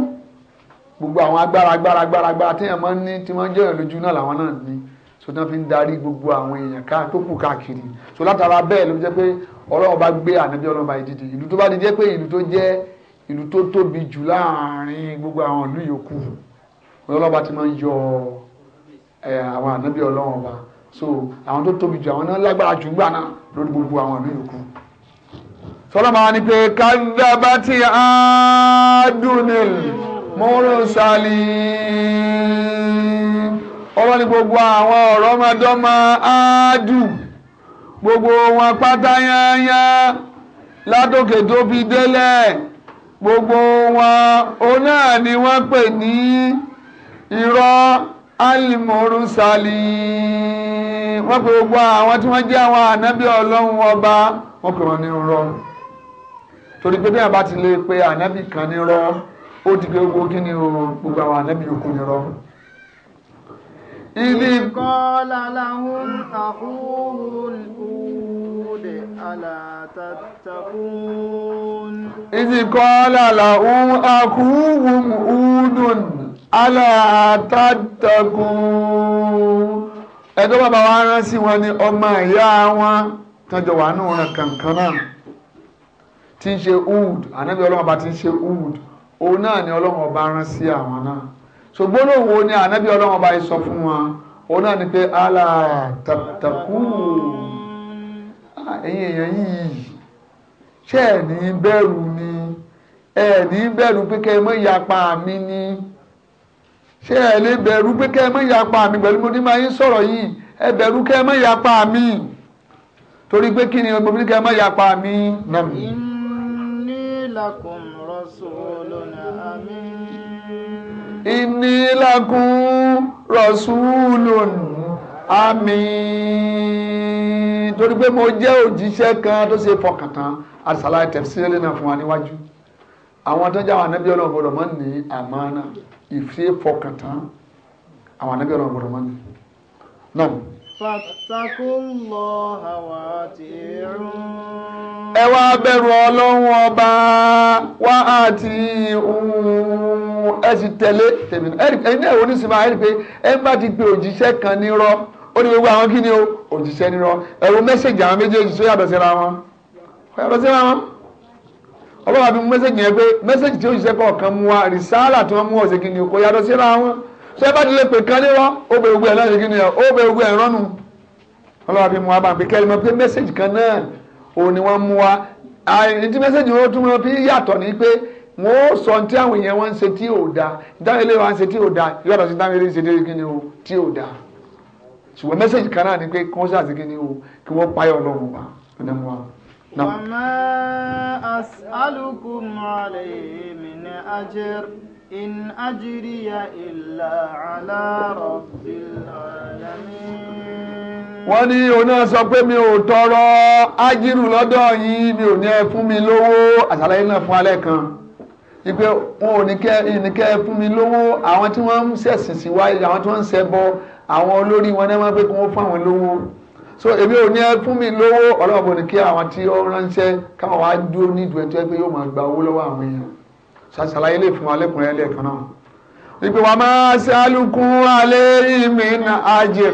gbogbo àwọn agbára agbára agbára agbára téèyàn máa ń ní tí wọ́n jẹ́yàn lójú náà làwọn náà ní so tí wọ́n fi ń darí gbogbo àwọn èèyàn ká tó kù káàkiri so látara bẹ́ẹ̀ ló jẹ́ pé ọlọ́run bá gbé ànábí ọlọ́run bá ìdíje ìlú tó bá di pé ìlú tó jẹ́ ìlú tó tóbi jù láàrin gbogbo àwọn ìlú yòókù ọlọ́ba ti máa ń yọ àwọn ànábì ọlọ́run ọba so àwọn tó tóbi jù àwọn náà lágbára jù gbà náà lórí gbogbo àwọn ìlú yòókù sọlọ́mọ ni pé kádàbá ti àádúnil mọ́rùnsálì ọlọ́ ni gbogbo àwọn ọ̀rọ̀mọdọ́mọ áádù gbogbo wọn pátá yányá látòkè tó fi délẹ̀ gbogbo wa ona náà ni wọ́n pè ní irọ́ alimorusali wọ́n pè gbogbo àwọn tí wọ́n jẹ́ àwọn ànábì ọlọ́run ọba wọ́n pè wọ́n ní irọ́ torí pé bẹ́ẹ̀ bá ti lè pe ànábì kan ní irọ́ ó ti pé gbogbo kí ni gbogbo àwọn ànábì yòókù ní irọ́. ìdí kọ́ làlàhùn àhúhùn ìhùn. الهدى ألا تتقون إذ قال له أخوهم هود ألا تتقون wa rán sí wọn ni ọmọ ìyá wọn tọ́jọ wà ní ọ̀ràn kankan ṣe Hud ànábì ọlọ́run ọba tí ṣe náà ni rán sí náà wo ni Ah, ẹ̀yin èèyàn yìí ṣé ẹ̀ ní bẹ̀rù ni ẹ̀ ní bẹ̀rù pé kẹ́ ẹ mọ́ ìyapa mi ni ṣé ẹ̀ lè bẹ̀rù pé kẹ́ ẹ mọ́ ìyapa mi pẹ̀lú mo ní máa ń sọ̀rọ̀ yìí ẹ bẹ̀rù kẹ́ ẹ mọ́ ìyapa mi torí pé kí ni mo ní kẹ́ ẹ mọ́ ìyapa mi náà. inni lakum rasulun amin. inni lakum rasulun àmín torí pé mo jẹ́ òjíṣẹ́ kan tó ṣe fọkàn tán àṣàlàyé tẹ̀sílẹ̀ náà fún wa níwájú àwọn tó ń jẹ́ àwọn anábí ọlọ́run gbọ́dọ̀ mọ́ ní àmánà ìfẹ́ fọkàn tán àwọn anábí ọlọ́run gbọ́dọ̀ mọ́ ní. ẹ wá bẹ̀rù ọlọ́run ọba wa ati'un ẹ sì tẹ̀lé tèmi ẹ̀yin náà oníṣìí máa ń rí i pé ẹ bá ti pe òjíṣẹ́ kan nírọ́ ó ní gbogbo àwọn kí ni o òjíṣẹ́ nírọ́ ẹ̀rù mẹ́sẹ̀gì àwọn méjèèjì tó yàtọ̀ síra wọn yàtọ̀ síra wọn ọlọ́run àbí mẹ́sẹ̀gì yẹn pé mẹ́sẹ̀gì tí òjíṣẹ́ kọ̀ọ̀kan mú wa rìsáàlà tí wọ́n mú ọ̀sẹ̀ kí ni o kò yàtọ̀ síra wọn ṣé bá ti lè pè kán nírọ́ ó bẹ gbogbo ẹ̀ lọ́sẹ̀ kí ni o ó bẹ gbogbo ẹ̀ rọ́nu ọlọ́run àbí mú wa bá pé kẹ́lí mọ́ pé mẹ́sẹ̀gì kan náà ni wọ́n mú wa àìrìntí mẹ́sẹ̀gì wọn ní tí àwọn èèyàn wọn ń ṣe tí ò da ìdáhùn eléyìí wọn ń ṣe tí ò da yọ̀dọ̀ sí táwọn eléyìí ń ṣe tí ò da ṣùgbọ́n mẹ́sẹ̀jì kan náà ni pé kí wọ́n ṣàṣì kí ni o kí wọ́n páyọ̀ ọlọ́run bá ọ̀nà wa. wàmẹ́ as'alukum alayhi min ajr in ajriya illa ala rabbil alamin. wọ́n ní oní sọ pé mi ò tọrọ ájírù lọ́dọ̀ yín mi ò ní ẹ fún mi lówó àṣàlàyé náà fún alẹ́ kan ipe wọn ò ní kẹ́ ìníkẹ́ fún mi lówó àwọn tí wọ́n ń ṣẹ̀sìn sí wáyé àwọn tí wọ́n ń ṣẹbọ àwọn olórí wọn náà máa pé kí wọ́n fún àwọn lówó so èmi ò ní ẹ fún mi lówó ọlọ́ọ̀bọ ni kí àwọn tí ó ránṣẹ́ káwọn wá dúró ní ìdúró tó pé yóò máa gba owó lọ́wọ́ àwọn èèyàn ṣàṣàlàyé lè fún wa lẹ́kùnrin ẹlẹ́ẹ̀kan náà. ìpè wàá máa ṣe alukun alẹ́ mi ní àjẹ́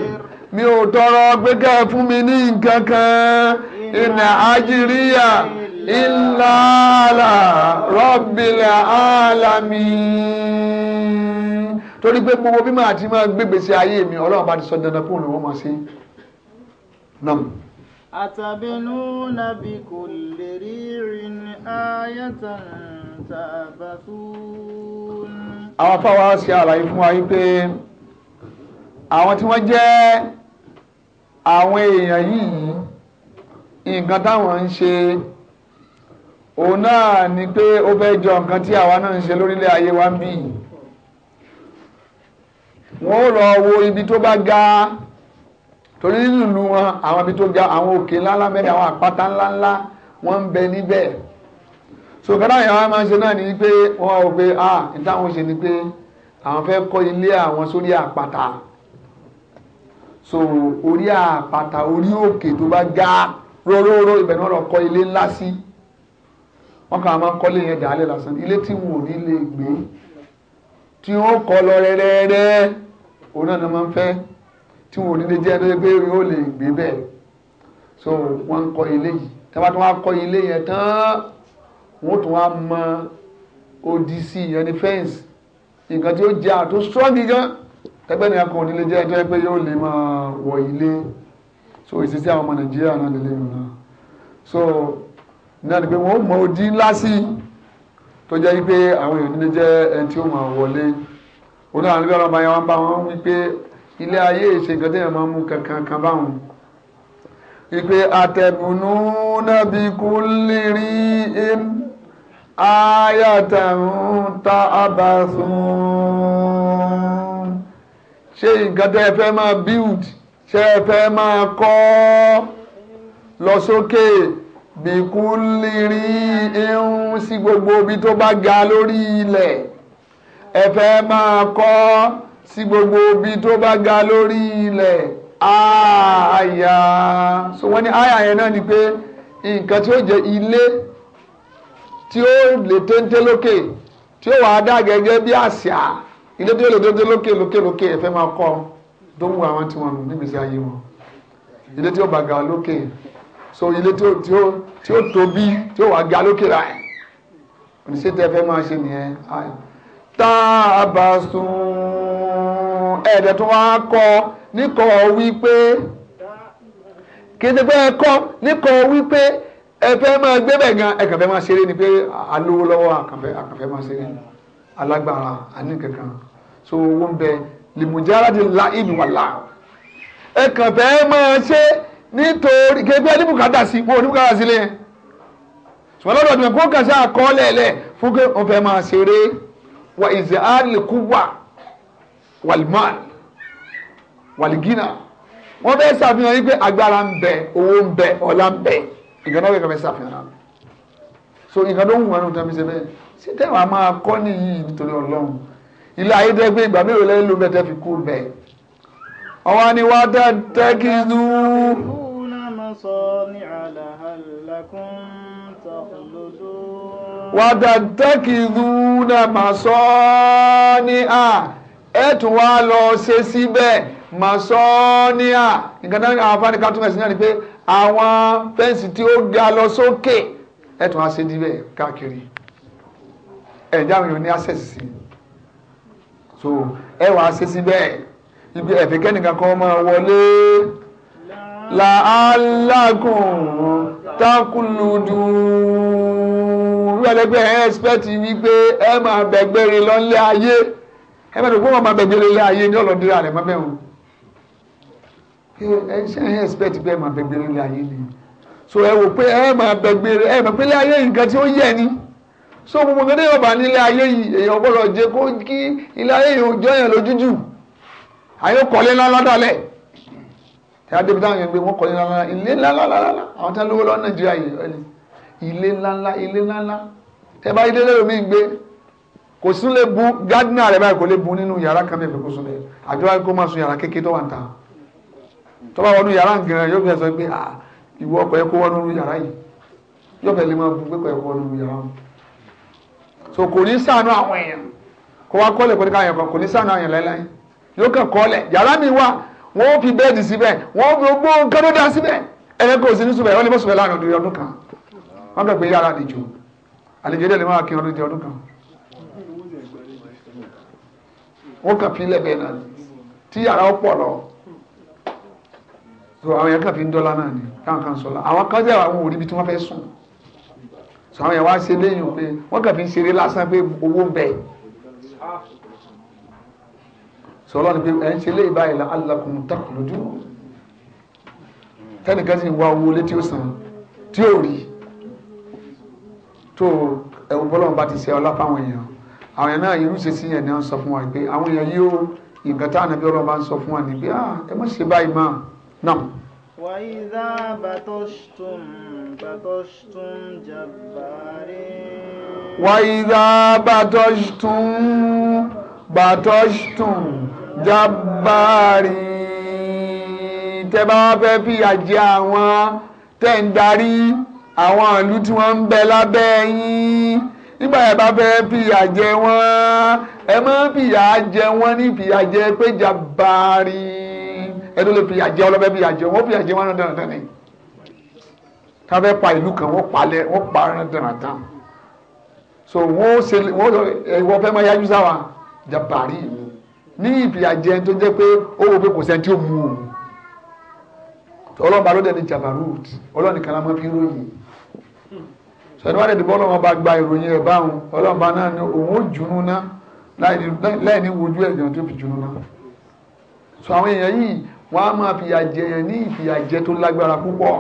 mi ò tọrọ pé ká ẹ fún mi ní nǹkan kan ìnà àjíríyà ìlàlà rọ́bìlà álámì torí pé gbogbo bí màá ti máa gbégbé sí ayé mi ọlọ́run bá ti sọ dandan kúrò ní wọ́n mọ̀ sí nam. أتبنون بكل ريع آية تعبثون. àwọn afáwa ṣe àlàyé fún wa wípé àwọn tí wọ́n jẹ́ àwọn èèyàn yìí nǹkan táwọn ń ṣe òun náà ni pé ó fẹ́ jọ nǹkan tí àwa náà ń ṣe lórílẹ̀ ayé wa ń bì yìí wọ́n ó lọ wo ibi tó bá ga torí nínú ìlú wọn àwọn ibi tó ga àwọn òkè ńláńlá mẹ́rin àwọn àpáta ńláńlá wọ́n ń bẹ níbẹ̀ so kọ́dá ìyàwó máa ń ṣe náà ni pé wọ́n wọ́n pé ah ìtàwọn ṣe ni pé àwọn fẹ́ kọ́ ilé àwọn sórí àpáta so orí àpáta orí òkè tó bá ga róróró ibẹ̀ náà lọ kọ́ ilé ńlá sí wọ́n kàn máa ń kọ́lé yẹn jàálẹ̀ lásán ilé tí wọn ò ní lè gbé tí wọ́n kọ́ lọ rẹ́rẹ́rẹ́ òun náà máa ń fẹ́ tí wọn ò jẹ́ ẹni pé yóò lè gbé bẹ́ẹ̀ so wọ́n ń kọ́ ilé yìí tẹ́wọ́n tó wá kọ́ ilé yẹn tán wọ́n tún wá mọ odi sí yẹn fẹ́ǹsì nǹkan tí ó jẹ́ àtó strong gan tẹ́gbẹ́ ni akọ̀ ò jẹ́ ẹni pé yóò lè máa wọ ilé so ìṣesí àwọn ọmọ nàìjíríà náà lè lẹ́yìn náà so náà ni pé wọ́n mọ odi ńlá sí tó jẹ́ pé àwọn èèyàn nílé jẹ́ ẹni tí ó máa wọlé oní àwọn ẹgbẹ́ ọlọ́ba yẹn wọ́n bá wọn wípé ilé ayé ìṣe nǹkan tí yẹn máa ń mú kankan kan báwọn ìpè àtẹ̀bùnú nàbí kulli ri'in ayatan ta abasun ṣé nǹkan tẹ́ ẹ fẹ́ máa build ṣé ẹ fẹ́ máa kọ́ lọ sókè bí kulli ri'in sí gbogbo ibi tó bá ga lórí ilẹ̀ ẹ fẹ́ máa kọ́ sí gbogbo ibi tó bá ga lórí ilẹ̀ àyà so wọ́n ní àyà yẹn náà ni pé nǹkan tí ó jẹ́ ilé tí ó lè téńté lókè tí ó wàá dà gẹ́gẹ́ bí àṣà ilé tí ó lè téńté lókè lókè lókè ẹ fẹ́ máa kọ́ tó ń wo àwọn tí wọ́n nù nígbèsí ayé wọn ilé tí ó bá ga lókè so ilé tí ó tí ó tí ó tóbi tí ó wà ga lókè rà ẹ̀ oníṣẹ́ tẹ́ fẹ́ máa ṣe nìyẹn ayọ̀ tàbàsùn ẹ̀ẹ́dẹ̀ tó wá kọ́ níkọ̀ wípé kéde pé ẹ kọ́ wípé ẹ máa gbé bẹ̀ gan ẹ̀kàn fẹ́ máa ṣeré ni pé alówó lọ́wọ́ àkànfẹ́ máa ṣeré alágbára àníkankan so owó ń bẹ lèmùjára ti la ìlú wà láà ẹ̀kàn fẹ́ máa ṣe nítorí kébí ẹni bùkátà sí wọn ò ní bùkátà sílé ṣùgbọ́n lọ́dọ̀ ọ̀dùnmẹ̀ kó kàn àkọọ́lẹ̀ lẹ̀ fún pé wọ́n fẹ́ máa ṣeré wa ìzẹ́hálì kúwà wàlímọ́ọ̀lì wàlígínà wọ́n fẹ́ ṣàfihàn yí pé agbára ń bẹ owó ń bẹ ọlá ń bẹ ìgbà náà kẹ́kẹ́ fẹ́ ṣàfihàn so nǹkan tó ń wù wọn ní ọ̀tá mi ṣe bẹ́ẹ̀ ṣé tẹ́wàá máa kọ́ nìyí nítorí ọlọ́run ilé ayé tẹ́ gbé ìgbà mélòó lẹ́yìn ló bẹ́ẹ̀ tẹ́ fi kú bẹ́ẹ̀ ọwọ́ ni wá tẹ́ kí n wàdàtàkìrúnà màsọ́níà ẹ tún wá lọ ṣe síbẹ̀ màsọ́níà nǹkan náà àwọn afáàní ká túnmọ̀ sí náà ni pé àwọn fẹ́ǹsì tí ó ga lọ sókè ẹ tún wá ṣe níbẹ̀ káàkiri ẹ̀já àwọn èèyàn ní access sí so ẹ wàá ṣe síbẹ̀ ibi ẹ̀fẹ̀kẹ́ nìkan kan máa wọlé làálàkùn tákùlùdù rúwẹ́lẹ́gbẹ́ ẹ ẹ́sìpẹ́tì wípé ẹ máa bẹ̀gbẹ́rin lọ́lẹ́ ayé ẹ bẹ̀rẹ̀ pé wọ́n máa bẹ̀gbẹ́rin lọ́lẹ́ ayé ní ọ̀lọ́dúnrà rẹ̀ mọ́bẹ̀rún ẹ ṣe ẹ ẹ́sìpẹ́tì pé ẹ máa bẹ̀gbẹ́rin lọ́lẹ́ ayé ni so ẹ wò pé ẹ máa bẹ̀gbẹ́rin ẹ máa pélé ayé nǹkan tí ó yẹ ni so gbogbo gbẹdẹ yọba nílé ayé yìí èèyàn gbọ́dọ̀ jẹ kó kí ilé ayé yìí ò jọyàn lójújù àyè kọ́lé ńlá lọ́dọ̀ọ́lẹ̀ tí a débi táwọn yẹn gbé wọn kọ́ ilé ńláńlá ilé ńláńlá àwọn tí wọn lówó lọ́wọ́ nàìjíríà yìí ẹni ilé ńláńlá ilé ńláńlá tẹ bá ilé lérò míì gbé kò sún lè bu gádínà rẹ báyìí kò lè bu nínú yàrá kan bẹ́ẹ̀ kó sún lẹ̀ àdúrà kó má sun yàrá kékeré tó wà ń ta tó bá wọnú yàrá nǹkan yóò fi sọ pé ah ìwọ ọkọ̀ yẹ kó wọnú yàrá yìí yóò fẹ́ lè máa bu pé kọ̀ yẹ kó wọnú yàrá so kò ní sànú àwọn èèyàn kó wá kọ́lẹ̀ kó ní káyọ̀ kan kò ní sànú wọ́n fi bẹ́ẹ̀dì síbẹ̀ wọ́n fi gbogbo nǹkan tó dá síbẹ̀ ẹ̀rẹ́ kò sí ní sùbẹ̀ wọ́n lè mọ̀ sùbẹ̀ láàrin ọdún ọdún kan wọ́n bẹ̀ pé yàrá àlejò àlejò dẹ̀ lè máa kí ọdún di ọdún kan. wọ́n kàn fi lẹ́bẹ̀ẹ́ náà tí yàrá ó pọ̀ lọ so àwọn yẹn kàn fi ń dọ́là náà ni táwọn kan sọ la àwọn kan jẹ́ àwọn òrí ibi tí wọ́n fẹ́ sùn so àwọn yẹn wá ṣe léyìn pé wọ́n kàn fi ń ṣeré lásán pé owó bẹ́ẹ̀ sọlọ ni pé ẹ ń ṣe léyìí báyìí la alakum takuludu tẹnìkan sì wá owó létí òsàn tí ò rí tó ẹwù bọlọ bá ti ṣe ọlá fáwọn èèyàn àwọn èèyàn náà irú ṣèṣì yẹn ni wọn sọ fún wa pé àwọn èèyàn yìí ó nǹkan tá ànábì ọlọ́run bá ń sọ fún wa ni pé ah, ẹ má ṣe báyìí máa náà. وإذا بطشتم بطشتم جبارين وإذا بطشتم bàtọ́ṣtùn jábàárì tẹ́ bá wá fẹ́ fìyà jẹ àwọn tẹ́ ń darí àwọn ìlú tí wọ́n ń bẹ lábẹ́ yín nígbà yẹn bá fẹ́ fìyà jẹ wọ́n ẹ má fìyà jẹ wọ́n ní fìyà jẹ pé jábàárì ẹ tó lè fìyà jẹ ọlọ́fẹ́ fìyà jẹ wọ́n fìyà jẹ wọ́n náà dandan ni ká fẹ́ pa ìlú kan wọ́n palẹ̀ wọ́n pa ẹran dandan so wọ́n ṣe wọ́n ẹ̀wọ́ fẹ́ máa yájú sáwà jabari mi ní ìfìyà jẹ tó jẹ́ pé ó wò pé kò sẹ́ni tí ó mú òun ọlọ́ba ló dẹ̀ ní jabarut ọlọ́ni kan lámọ́ fi ròyìn sọ̀rọ̀ wàdẹ̀ dìbò ọlọ́wọ́n bá gba ìròyìn rẹ̀ báwọn ọlọ́ba náà ni òun ó jùnú ná láì ní wojú ẹ̀jẹ̀ tó fi jùnú ná so àwọn èèyàn yìí wọ́n á máa fìyà jẹ yẹn ní ìfìyà jẹ tó lágbára púpọ̀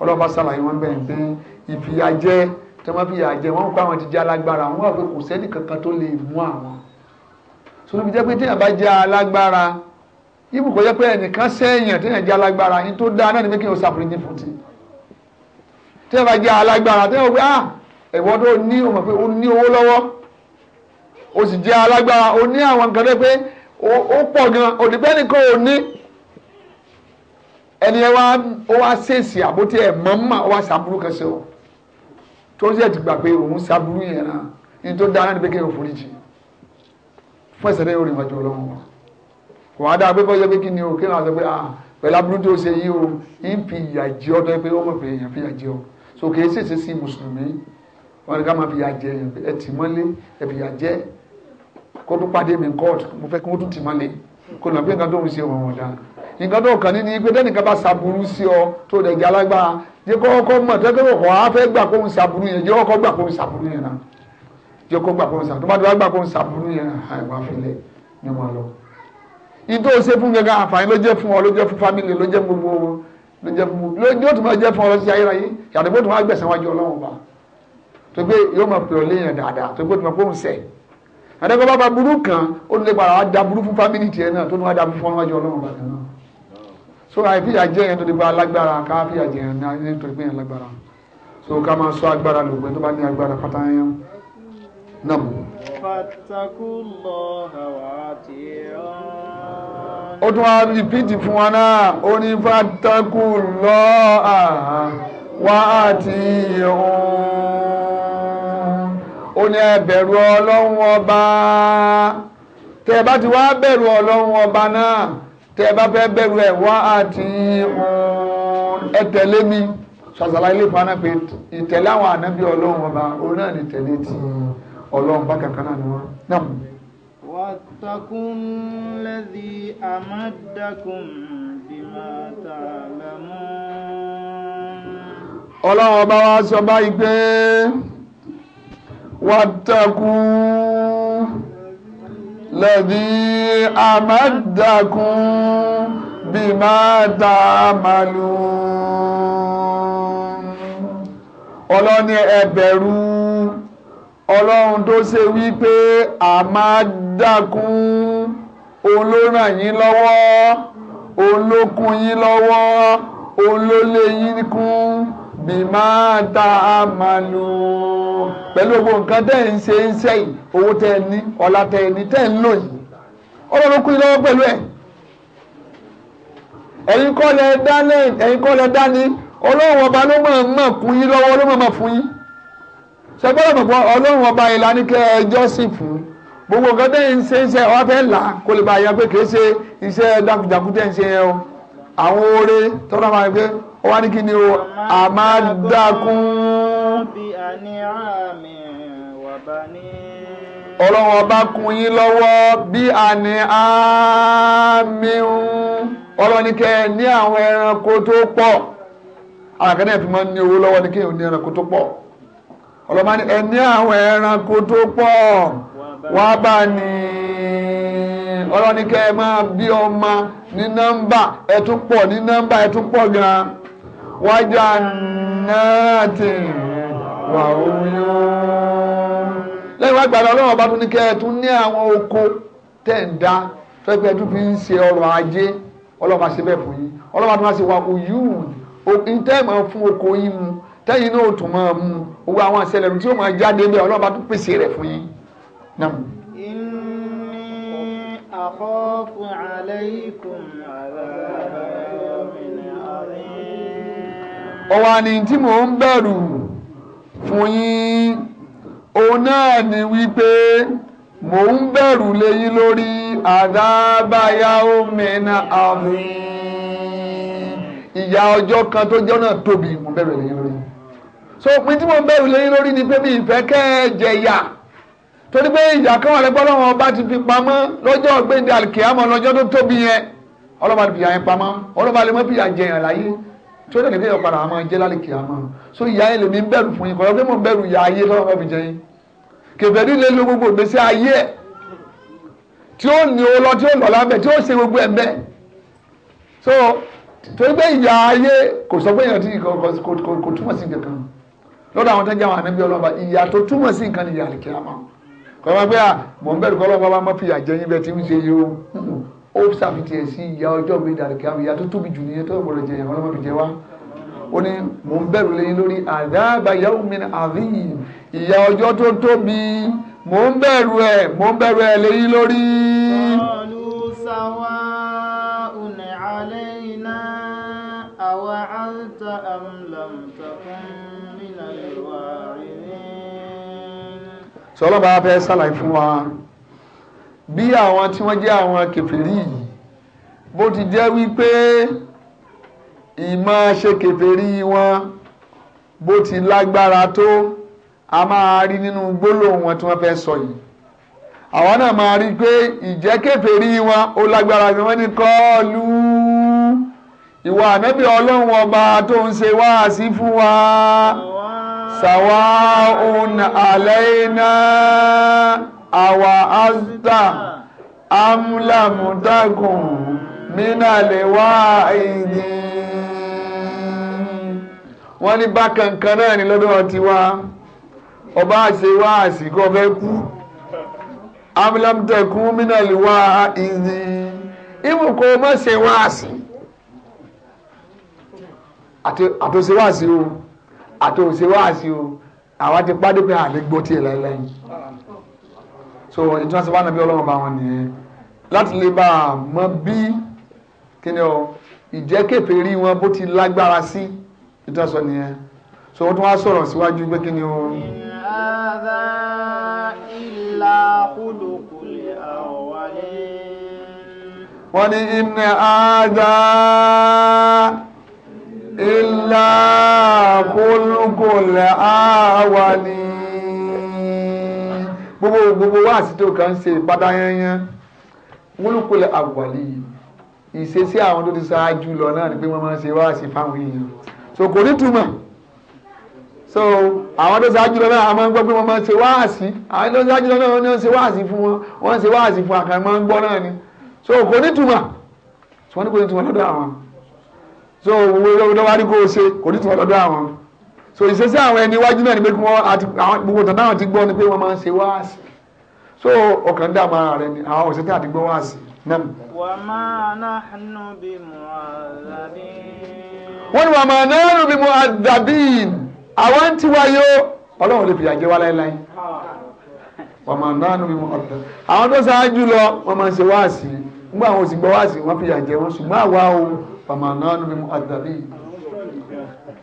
ọlọ́ba sàlàyé wọn bẹ́ẹ̀ pé ìfìyà jẹ tọ́mọ́ fìyà jẹ wọ́n kọ́ àwọn ti jẹ́ alágbára wọ́n wà pé kò sẹ́ni kankan tó lè mú àwọn tó ló fi jẹ́ pé téèyàn bá jẹ́ alágbára ibùkọ́ jẹ́ pé ẹnìkan sẹ́yìn téèyàn jẹ́ alágbára yín tó dáa náà ni pé kí n ò ṣàforíjì fún ti téèyàn bá jẹ́ alágbára téèyàn wọ́n pé ah ẹ̀wọ́n tó ní o mọ̀ pé o ní owó lọ́wọ́ o sì jẹ́ alágbára o ní àwọn nǹkan tó pé ó pọ̀ gan òdìpẹ́ nìkan ò ní ẹni ẹ wá ó wá ṣèèṣì àbótí ẹ̀ mọ́mọ́ ó wá ṣàbúrú kan ṣe o tó ń ṣe ti gbà pé òun ṣàbúrú yẹn náà ní tó dáa náà ni pé kí fún ẹ̀ṣẹ̀ rẹ̀ orin àjọ ọlọ́run kò wá dáa pé kọ́ yẹ pé kí ni o kí náà sọ pé ah pẹ̀lú aburú tí o ṣe yí o ń fi ìyà jẹ ọ́ tó yẹ pé ó mọ̀ pé èèyàn fi ìyà jẹ ọ́ so kì í ṣèṣe sí mùsùlùmí wọn ni ká máa fi ìyà jẹ èèyàn ẹ tì mọ́lé ẹ fi ìyà jẹ kó tó pàdé mi kọ́ọ̀tù mo fẹ́ kí wọ́n tún tì mọ́lé kó lọ pé nǹkan tó ń ṣe wọn wọn dáa nǹkan tó kàn ní ni pé bá ṣàbùrú sí ọ tó dẹ̀ jẹ́ alágbára jẹ́ kọ́kọ́ mọ̀ tẹ́kọ̀ọ́ jẹ́ kó gbà kó ń sàbúrú tó bá ti wá gbà kó ń sàbúrú yẹn àìwá filẹ̀ ni wọ́n lọ. ìtò ṣe fún gẹ́gẹ́ àǹfààní ló jẹ́ fún ọ ló jẹ́ fún fámìlì ló jẹ́ fún gbogbo wọn ló jẹ́ fún gbogbo yóò tún máa jẹ́ fún ọ lọ́sí ayérayé yàtọ̀ bó tún wá gbẹ̀sán wájú ọlọ́run wa tó gbé yóò máa pè ọ léèyàn dáadáa tó gbé tún máa kóhùn sẹ̀ àdẹ́gbẹ́ bá ba burú kan ó lè padà wá da burú fún fámìlì tiẹ̀ náà tó tún wá da burú fún wájú ọlọ́run bàtà náà so àìfíyà jẹ́ yẹn Nam. Ó tún wá rìpíìtì fún wa náà, ó ní fàtàkù lọ́ọ̀hà wá àti Ọlọ́run ọba. Tẹ bá ti wá bẹ̀rù Ọlọ́run ọba náà, tẹ bá fẹ́ bẹ̀rù ẹ̀ wá àti ìhun. Ẹ tẹ̀lé mi ṣàṣàlàyé lè fún náà pé ìtẹ̀lé àwọn ànábì Ọlọ́run ọba, òun náà ní tẹ̀lé ti ọlọ́run bá kankan náà ni wọ́n náà. واتقوا الذي أمدكم بما تعلمون ọlọ́run ọba wa sọ báyìí pé واتقوا الذي أمدكم بما تعملون ọlọ́ni ẹ bẹ̀rù ọlọ́run tó ṣe wípé a máa dákun òun ló ràn yín lọ́wọ́ òun ló kún yín lọ́wọ́ òun ló lé yín kún bí máa ta àmàlù pẹ̀lú gbogbo nǹkan tẹ́ ń ṣe ń sẹ́yìn owó tẹ́ ní ọlá tẹ́ ní tẹ́ ń lò yìí ọlọ́run kún yín lọ́wọ́ pẹ̀lú ẹ̀ ẹ̀yin kọ́ lẹ dání ọlọ́run ọba ló mọ̀ mọ̀ kún yín lọ́wọ́ ló mọ̀ mọ̀ fún yín sẹ́gbọ́n mọ̀ pé ọlọ́run ọba ìlà ní kẹ́ ẹ jọ́sìn fún gbogbo nǹkan tẹ́ ń ṣe iṣẹ́ wa fẹ́ là kó lè bá yẹn pé kìí ṣe iṣẹ́ dákújákú tẹ́ ń ṣe yẹn o àwọn oore tọ́lá máa gbé ọ wá ní kí ni o àmàdákún. ọlọ́run ọba kún yín lọ́wọ́ bí àní àmì ọlọ́run ní kẹ́ ẹ ní àwọn ẹranko tó pọ̀ àkàndá ìfimọ́ ní owó lọ́wọ́ ní kí ẹ ní ẹranko tó pọ̀ ọlọ́mọ ní ẹni àwọn ẹranko tó pọ̀ wá bá ní ọlọ́ni kẹ́ ẹ máa bí ọmọ ní nọ́mbà ẹ tún pọ̀ ní nọ́mbà ẹ tún pọ̀ gan wájà náà tì wà oyún. lẹ́yìn wá gbàdá ọlọ́run ọba tún ní kẹ́ ẹ tún ní àwọn oko tẹ̀ tọ́pẹ́ ẹ tún fi ń ṣe ọrọ̀ ajé ọlọ́run bá bẹ́ẹ̀ fún yín ọlọ́run bá tún wá ṣe wà oyún ní tẹ́ ẹ máa yín mu tẹ́yìn náà tún máa mú owó àwọn àṣẹlẹ̀ tí ó máa jáde bẹ́ẹ̀ ọlọ́ba tún pèsè rẹ̀ fún yín náà. inni akhafu alaykum ọwọ́ àní tí mò ń bẹ̀rù fún yín òun náà ni wípé mò ń bẹ̀rù léyìn lórí àdábáyá omena àmì ìyá ọjọ́ kan tó jẹ́ tóbi mò bẹ̀rù léyìn lórí so òpin tí mo ń bẹ̀rù lẹ́yìn lórí ni pé mi ìfẹ́ kẹ́ ẹ jẹ̀yà torí pé ìjà kan wà lẹ́gbọ́n lọ́wọ́ ọba ti fi pamọ́ lọ́jọ́ ọ̀gbẹ́ndẹ́ àlùkìyàmọ́ lọ́jọ́ tó tóbi yẹn ọlọ́ba ti fi yàn pamọ́ ọlọ́ba lè mọ́ fi yàn jẹ̀yàn láyé tí ó dẹ̀ nígbà yọ̀padà àmọ́ jẹ́ lálùkìyàmọ́ so ìyá yẹn lèmi ń bẹ̀rù fún yín kọ́ pé mo bẹ̀rù o lọ tí ó lọ lábẹ́ so torí pé ìyá ayé kò sọ pé èèyàn ti kò túmọ̀ sí kankan lọ́dọ̀ àwọn tó ń jẹ́ àwọn ànábì ọlọ́ba ìyà tó túmọ̀ sí nǹkan ìyà àlìkẹ́ àmọ́ kọ́mọ pé à mọ̀ ń bẹ̀rù kọ́ lọ́ba máa fi àjẹ yín bẹ́ẹ̀ tí ń ṣe yìí o ó ṣàfihàn sí ìyà ọjọ́ mi ìdàlùkẹ́ àmọ́ ìyà tó tóbi jù nìyẹn tó gbọdọ̀ jẹ ìyàwó ọlọ́mọdé jẹ wá ó ní mò ń bẹ̀rù lẹ́yìn lórí àdáàbà yawmin azim ìyà ọjọ́ tó tóbi mò ń bẹ̀rù ẹ̀ mò ń bẹ̀rù ẹ̀ lẹ́yìn lórí. qalu sawa'un alayna awa'anta am lam sọlọ́ba fẹ́ ṣàlàyé fún wa bí àwọn tí wọ́n jẹ́ àwọn kèfèrí yìí bó ti jẹ́ wípé ìmọ̀ ṣe kèfèrí wọn bó ti lágbára tó a máa rí nínú gbólóhùn wọn tí wọ́n fẹ́ sọ yìí àwọn náà máa rí pé ìjẹ́kèfèrí wọn ó lágbára ni wọ́n ní kọ́ọ̀lù ìwà ànábì ọlọ́run ọba tó ń ṣe wáàsí fún wa. سواء علينا أوعزت أم لم تكن من الواعظين wọ́n ní bákan kan náà ní lọ́dọ̀ ti wá ọba àṣẹ wá àsìkò ọbẹ̀ kú amúlámùtẹ̀kùn mínàlì wá ìdí ìmùkọ́ mọ̀ṣẹ̀ wá àsì àtòṣe wá àsì o àtòsí wáàsí o àwa ti pàdé pé àlè gbọ́ tiẹ̀ lẹ́lẹ́yìn so ìtura sí wàhánà bí ọlọ́run bá wọn nìyẹn láti lè bá a mọ bí kíni o ìjẹ́kẹ̀fẹ̀ rí wọn bó ti lágbára sí ìtura sọ nìyẹn so wọ́n tún wá sọ̀rọ̀ síwájú pé kíni o. ìhàdà ìlà kúlùkùlẹ̀ àwọ̀wálé. wọ́n ní ìnà àdá. إلا خلق الأولين gbogbo gbogbo wa àsìtò kan ṣe ìpadà yanyan múlùkulẹ̀ àwàlì ìṣesí àwọn tó ti ṣáájú lọ náà ni pé wọ́n máa ń ṣe wá àṣì fáwọn so kò ní túmọ̀ so àwọn tó ṣáájú lọ náà a máa ń gbọ́ pé wọ́n máa ń ṣe wá àṣì àwọn tó ṣáájú lọ náà wọ́n ní wọ́n ṣe wá àṣì fún wọn si ṣe wá àṣì fún àkàn máa ni so kò ní túmọ̀ so wọ́n ní kò ní túmọ̀ lọ́dọ̀ so gbogbo ló wá rí kó o ṣe kò ní tìmọ̀ lọ́dọ̀ àwọn so ìṣesí àwọn ẹni iwájú náà ni pé kí wọ́n àti gbogbo tàn náà ti gbọ́ ni pé wọ́n máa ń ṣe wáàsì so ọkàn dààmú ara rẹ ni àwọn òṣèlú àti gbọ́ wáàsì náà. wà á máa náà bí mu àdàbí. wọ́n ní wà á máa náà bí mu àdàbí àwọn ń tiwa yó ọlọ́run lè fìyà jẹ wá láéláé wà á máa náà bí mu àdàbí. àwọn tó ṣáájú lọ wọ́n máa ń ṣe wáàsì nígbà àwọn òṣìgbọ́ famananu mi mu adabi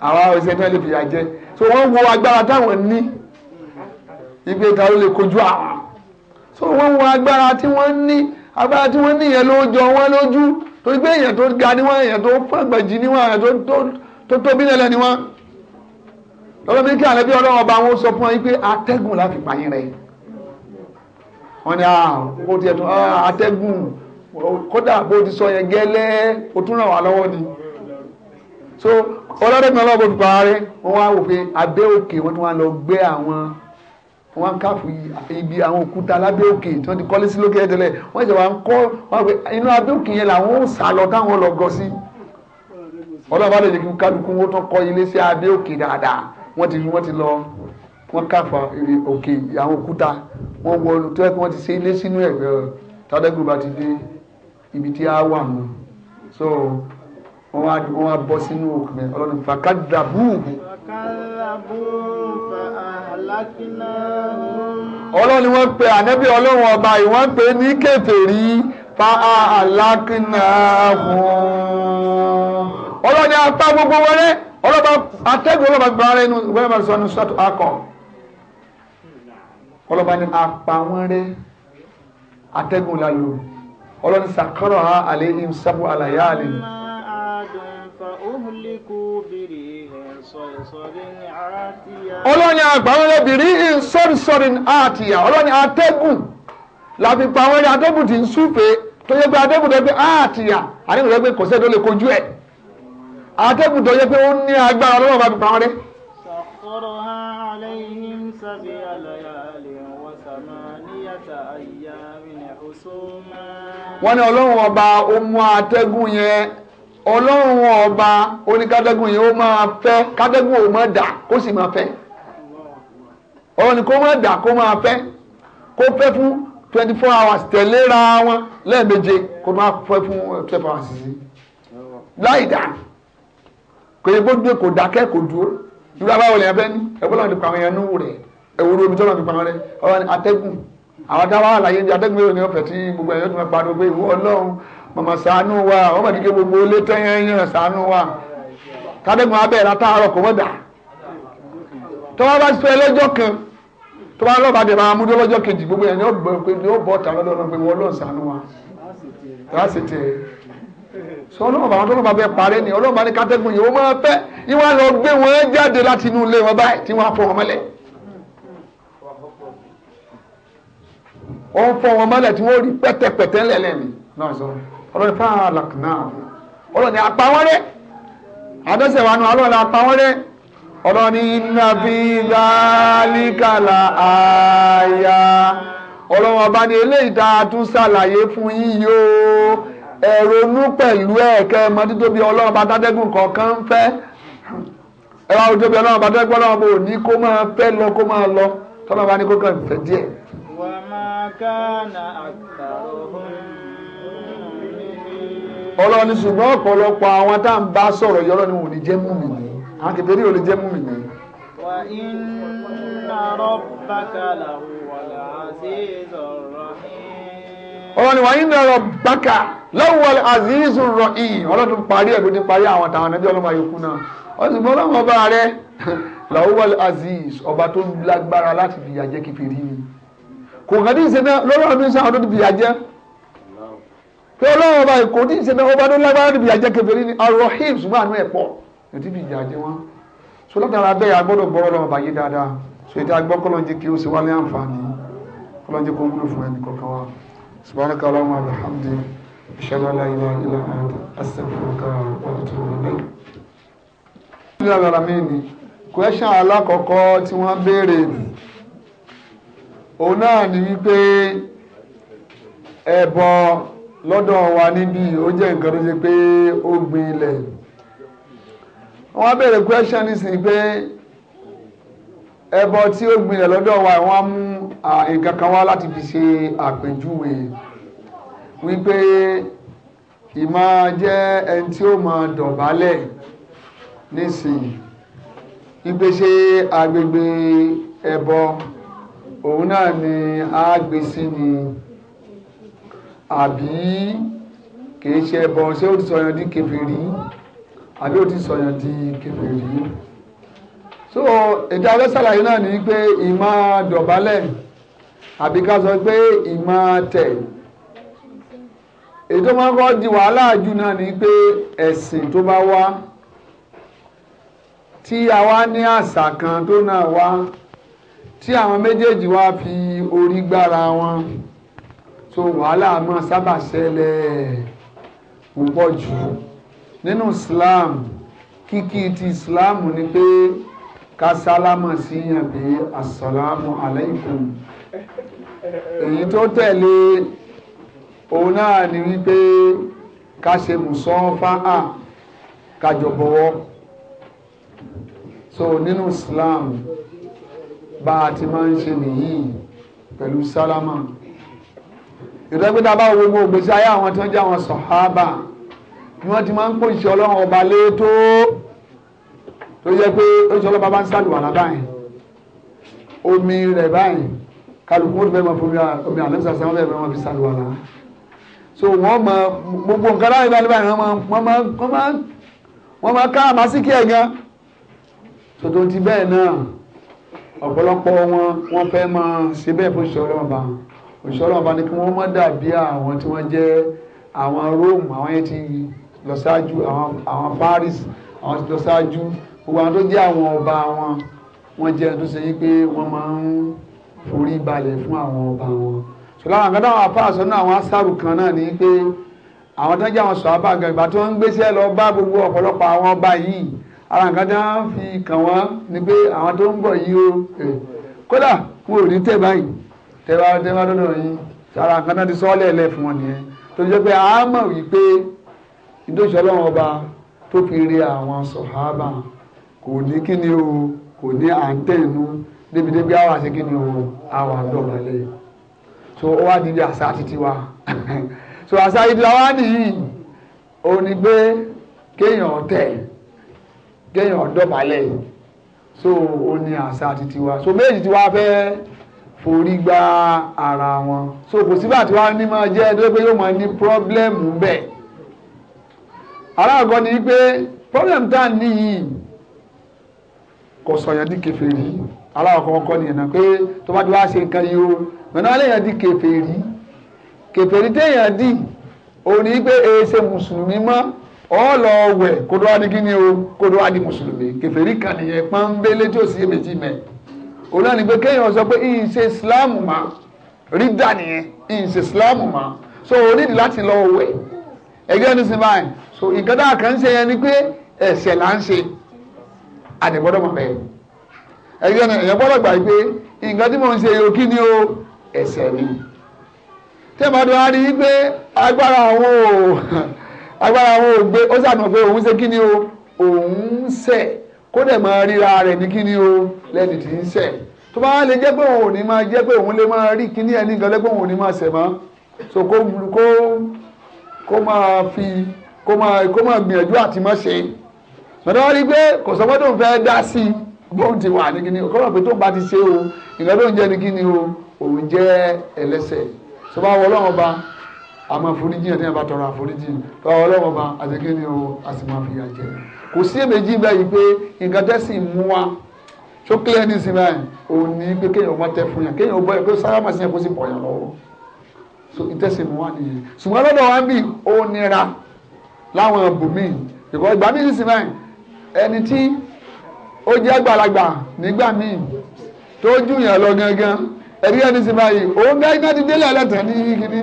àwa òṣèlú náà lè fìyà jẹ so wọ́n wo agbára táwọn ní ibi ìta ló lè kojú àwọn so wọ́n wo agbára tí wọ́n ní agbára tí wọ́n ní yẹn ló jọ wọ́n lójú torí pé èèyàn tó ga ni wọ́n èèyàn tó pàgbàjì ni wọ́n èèyàn tó tóbi nílẹ̀ ni wọ́n lọ́wọ́ mi kí àlẹ́ bí ọlọ́wọ́ bá wọn sọ fún ọ yín pé atẹ́gùn láfi pààyàn rẹ̀ wọ́n ní àtẹ́gùn ah, kódà bó ti sọ yẹn gẹ́lẹ́ o tún ràn wá lọ́wọ́ ni so ọlọ́dẹ kan lọ́wọ́ olùkọ́ ààrẹ wọ́n wá wò pé abẹ́ òkè wọ́n tún wá lọ gbé àwọn wọ́n káfù ibi àwọn òkúta lábẹ́ òkè tí wọ́n ti kọ́lé sí lókè ẹ̀dẹ́lẹ̀ wọ́n ìjọba ń kọ́ wọ́n pé inú abẹ́ òkè yẹn làwọn ò sá lọ táwọn lọ gọ sí ọlọ́ba lè jẹ́ kí kálukú wọ́n tán kọ́ ilé sí abẹ́ òkè dáadáa wọ́n ti wọ́n ti lọ wọ́n káfù òkè àwọn òkúta wọ́n wọ olùtọ́ ẹ̀ kí wọ́n ti ṣe ilé sínú ẹ̀ tádẹ́gùn bá ti dé ibi tí a wà nù so wọ́n wá wọ́n wá bọ́ sínú òkú mi ọlọ́run fàkàdà búùbù. ọlọ́run ni wọ́n pe ànẹ́bí ọlọ́run ọba yìí wọ́n pe ní kèfèrí fa àlákínà hùn. ọlọ́run ni apá gbogbo wọlé ọlọ́ba atẹ́gùn ọlọ́ba gba ara ẹnu wẹ́rẹ́ máa sọ ẹnu sọ́tò akọ. ọlọ́ba ni apá wọn rẹ atẹ́gùn la lò ọlọ́ni sàkọ́rọ̀ ha àléhìm sábò àlàyé àlè. ọlọ́ni àgbàwọn obìnrin in sọ́rìsọ́rìn àtìyà ọlọ́ni atẹ́gùn làbí pa àwọn ẹni atẹ́gùn ti ń súpe tó yẹ pé atẹ́gùn tó yẹ pé àtìyà àdéhùn tó yẹ pé kò sẹ́ni tó lè kojú ẹ̀ atẹ́gùn tó yẹ pé ó ní agbára ọlọ́wọ́ bá fi pa wọn rẹ́. sàkọ́rọ̀ ha àléhìm sábì àlàyé àlè wọ́n sàmà níyàtà àyà mi ní ọ̀ṣọ́ máa wọ́n ní ọlọ́run ọba ó mú atẹ́gùn yẹn ọlọ́run ọba ó ní kátẹ́gùn yẹn ó máa fẹ́ kátẹ́gùn ò má dà kó sì máa fẹ́ ọ̀rọ̀ ni kó má dà kó máa fẹ́ kó fẹ́ fún twenty four hours tẹ̀léra wọn lẹ́ẹ̀méje kó máa fẹ́ fún twelve hours sí láì dà kò yẹ kó dúró kò dákẹ́ kò dúró ìgbà báwo lèèyàn fẹ́ ní ẹgbẹ́ lọ́wọ́ ti pa àwọn èèyàn núwò rẹ̀ ẹ̀wòrò omi tó lọ́wọ́ ti pa rẹ̀ ọ̀rọ̀ atẹ́gùn àwọn táwọn àlàyé ní adẹ́gbẹ̀rún ni ọ̀fẹ́ tí gbogbo ẹ̀yọ́ tó máa pariwo pé ìwọ ọlọ́run mọ̀mọ́ ṣàánú wa wọ́n bẹ̀ kíkẹ́ gbogbo ilé tẹ́yẹ̀yẹ̀ ṣàánú wa kádẹ́gbọ̀n abẹ́ látàárọ̀ kò mọ̀dà tó bá bá sọ ẹlẹ́jọ́ kan tó bá lọ́ba dẹ̀ máa múdó lọ́jọ́ kejì gbogbo ẹ̀yìn ó bọ̀ pé ó bọ̀ tà lọ́dọ̀ pé wọ́n lọ́ọ̀ ṣàánú wa lásìtì ẹ̀ sọ ọlọ́mọba àwọn tọ́lọ́ba bẹ́ẹ̀ parẹ́ ni ọlọ́mọba ní kátẹ́gùn yìí ó máa fẹ́ yín wá lọ gbé wọn jáde láti inú ilé wọn báyìí tí wọ́n á fọ wọn mọ́lẹ̀ ó ń fọ́ wọn mọ́lẹ̀ tí wọ́n rí pẹ́tẹ́pẹ́tẹ́ lẹ́lẹ́ ni náà sọ ọlọ́ni fáàlàk náà ọlọ́ni apá wọn rẹ àdẹ́sẹ̀ wa nu ọlọ́ni apá wọn rẹ ọlọ́ni nàbí dálíkàlà àyà ọlọ́wọ́n ọba ni eléyìí tá a tún ṣàlàyé fún yín yóò ẹ̀rọnú pẹ̀lú ẹ̀kẹ́ mọ títóbi ọlọ́run bá dádẹ́gùn kọ̀ọ̀kan ń fẹ́ ẹ̀rọ títóbi ọlọ́run bá dádẹ́gùn ọlọ́run bò ní kó máa fẹ́ lọ kó máa lọ tọ́lọ́ bá ní kó kàn fẹ́ díẹ̀ وكان أكثرهم ọlọ́run ní ṣùgbọ́n ọ̀pọ̀lọpọ̀ àwọn tá à ń bá sọ̀rọ̀ yọ̀rọ̀ ni wọn ò ní jẹ́ mú mi ní àwọn kèfèrí ò lè jẹ́ mú mi ní. wà á iná rọ́bàkà làwọn àzízọ̀ rọ̀hìn. ọlọ́run ni wà á iná rọ́bàkà làwọn àzízọ̀ rọ̀hìn ọlọ́run parí ẹ̀ ló ti parí àwọn àtàwọn ẹ̀dẹ́ ọlọ́mọ ayọ̀kú náà ọ̀sùnmọ́ ọlọ́run ọba rẹ̀ làwọn àzíz ọba tó lágbára láti fìyà jẹ kèfèrí ni kò kàn ní ìṣe náà lọ́wọ́ mi sàn ọdún bìyà jẹ́ pé ọlọ́wọ́ báyìí kò ní ìṣe náà ọba tó lágbára níbi ìyàjẹ́ kẹfẹ́rí ni Ar-Rahim ṣùgbọ́n àánú ẹ̀ pọ̀ níbi ìyà jẹ́ wọn so látara bẹ́ẹ̀ agbọ́dọ̀ gbọ́rọ̀ lọ́wọ́ báyìí dáadáa so ètò agbọ́ kọ́lọ́njẹ kí ó sì wá ní àǹfààní kọ́lọ́njẹ kó wúlò fún ẹnì kọ̀ọ̀kan wa subhanaka Allahumma wa bihamdika ashhadu an la ilaha illa anta astaghfiruka wa atubu ilayk kò ẹ́ ṣàn alákọ̀ọ́kọ́ tí wọ́n béèrè òun náà ni wípé ẹbọ lọ́dọ̀ wa níbí ó jẹ́ nǹkan tó ṣe pé ó gbin ilẹ̀ wọ́n bèèrè question nísìnyí pé ẹbọ tí ó gbin ilẹ̀ lọ́dọ̀ wa wọ́n á mú nǹkan kan wá láti fi ṣe àpèjúwe wípé ìmọ̀ jẹ́ ẹni tí ó mọ̀ dọ̀bálẹ̀ nísìnyí ìgbésẹ̀ agbègbè ẹbọ òun náà ni a gbé sí ni àbí kìí ṣe ẹbọ ṣé ó ti sọyàn di kèfèrí àbí ó ti sọyàn di kèfèrí so èdè alẹ́ sàlàyé náà ni pé ìmọ̀ dọ̀bálẹ̀ àbí ká sọ pé ìmọ̀ tẹ̀ èyí tó máa ń kọ́ di wàhálà jù náà ni pé ẹ̀sìn tó bá wá tí a wá ní àṣà kan tó náà wá tí àwọn méjèèjì wá fi orí gbára wọn tó wàhálà máa sábà ṣẹlẹ̀ púpọ̀ jù nínú Islam kíkí ti Islam ni pé ká sálámà sí yàn pé assalamu alaikum èyí tó tẹ̀lé òun náà ni wípé ká ṣe mùsọ́fà á kájọ bọ̀wọ́ so nínú Islam bá a ti máa ń ṣe nìyí pẹ̀lú sálámà ìtọ́gbẹ́ta bá wo gbogbo ìgbésí ayé àwọn tó ń jẹ́ àwọn sọ̀hábà ni wọ́n ti máa ń pòṣìṣe ọlọ́run ọba létó tó yẹ pé oṣù ọlọ́ba bá ń sàlùwàlá báyìí omi rẹ̀ báyìí kálukú ó ti fẹ́ máa fomi omi àlẹ́sà sí wọn fẹ́ máa fi sàlùwàlá so wọ́n mọ gbogbo nǹkan láyé báyìí báyìí wọ́n máa ká àmásíkì ẹ̀ gan so tó ti bẹ́ẹ̀ náà ọ̀pọ̀lọpọ̀ wọn wọ́n fẹ́ máa ṣe bẹ́ẹ̀ fún ìṣọ́ ọlọ́run bá òṣìṣẹ́ ọlọ́run bá ní kí wọ́n má dàbí àwọn tí wọ́n jẹ́ àwọn Rome àwọn yẹn ti lọ ṣáájú àwọn Paris àwọn ti lọ ṣáájú gbogbo àwọn tó jẹ́ àwọn ọba wọn wọ́n jẹ́ tó ṣe yí pé wọ́n máa ń forí balẹ̀ fún àwọn ọba wọn ṣùgbọ́n àwọn akẹ́kọ̀ọ́ àwọn afáàṣọ náà àwọn asáàrù kan náà ní pé àwọn tó ń jẹ́ àwọn sọ̀rọ̀ àwọn nǹkan tí wọ́n fi kàn wọ́n ni pé àwọn tó ń bọ̀ yìí o eh, kódà wọn ò ní tẹ̀ báyìí tẹ́ bá tẹ́ bá dọ́dọ̀ yín sára nǹkan náà ti sọ́ọ́lẹ̀ ẹ̀lẹ́ fún wọn nìyẹn tó jẹ́ pé a mọ̀ wípé ìdóṣe ọlọ́run ọba tó fi rí àwọn sọ̀hábà kò ní kí ni o kò ní à ń tẹ̀nu débi débi àwọn àṣẹ kí ni o àwọn àdọ̀bálẹ̀ so ó wá di bí àṣà títí wa so àṣà ìdílé wa nìyí òní pé kéèyàn tẹ̀ kéèyàn dọ̀bálẹ̀ so ó ní àṣà àti tiwa so méjì tiwa fẹ́ forí gba ara wọn so kò sígbà tí wàá ní máa jẹ́ ẹjọ́ pé yóò máa ní pírọ́blẹ́mù bẹ́ẹ̀ aláàgọ́ ni pé pírọ́blẹ́mù tá à ń níyì kò sọ̀yàn di kèfèrí aláàkọ́ ọkọ́ nìyẹn náà pé tó bá ti wá ṣe nǹkan yìí o mẹ́ta léèyàn di kèfèrí kèfèrí téèyàn dì òun pé èé e mùsùlùmí mọ́ ọlọ wẹ̀ kódó wá di kíni o kódó wá di mùsùlùmí kèfèrí kan nìyẹn pọ́nbélé tí ò sí èméjì mẹ́ òun náà ni pé kéèyàn sọ pé ìyìn ṣe islam mà rí dà nìyẹn ìyìn ṣe islam mà so o nídìí láti lọ wẹ̀ ẹgbẹ́ ní sinmi báyìí so nǹkan tá a kàn ń ṣe yẹn ni pé ẹ̀ṣẹ̀ là ń ṣe àdìgbọ́dọ̀ mọ̀ bẹ́ẹ̀ ẹgbẹ́ ní ẹ̀yẹ́ gbọ́dọ̀ gbà pé nǹkan tí mò ń agbára wọn ò gbé ó sàmì pé òun ṣe kí ni o òun ṣẹ̀ kó dẹ̀ máa ríra rẹ̀ ní kí ni o lẹ́ni tí ń ṣẹ̀ tó bá lè jẹ́ pé òun ò ní máa jẹ́ pé òun lè máa rí kíní ẹni gan lẹ́gbẹ́ òun ò ní máa ṣẹ̀ mọ́ so kó kó kó máa fi kó máa kó máa gbìyànjú àti máa ṣe sọdọ́ wá rí pé kò sọ pé tóun fẹ́ dá sí i bóun ti wà ní kíní o kọ́ mọ̀ pé tóun bá ti ṣe o ìgbà tóun jẹ́ ní kíní o òun jẹ́ ẹlẹ́ṣẹ̀ sọ bá àmọ́ àforíjì náà tẹ́yà bá tọrọ àforíjì tọ́ ọlọ́wọ́ bá àtẹ̀kẹ́ ni o a sì máa fìyà jẹ kò sí èméjì báyìí pé nǹkan tẹ́sí mú wa tó clear ní sinmi báyìí òun ní pé kéèyàn ọmọ tẹ fún yàn kéèyàn ọmọ yàn pé sára màsí yàn kó sì pọ̀ yàn lọ́wọ́ so ìtẹ́sí mú wa nìyẹn ṣùgbọ́n lọ́dọ̀ wa bí ó nira láwọn ibòmíì ìkọ́ ìgbà míì sinmi báyìí ẹni tí ó jẹ́ àgbàlagbà nígbà míì tó jù yàn lọ gangan ẹ̀rí ẹni sinmi báyìí òun gáyìí náà ti délé ẹlẹ́tẹ̀ẹ́ ní kíní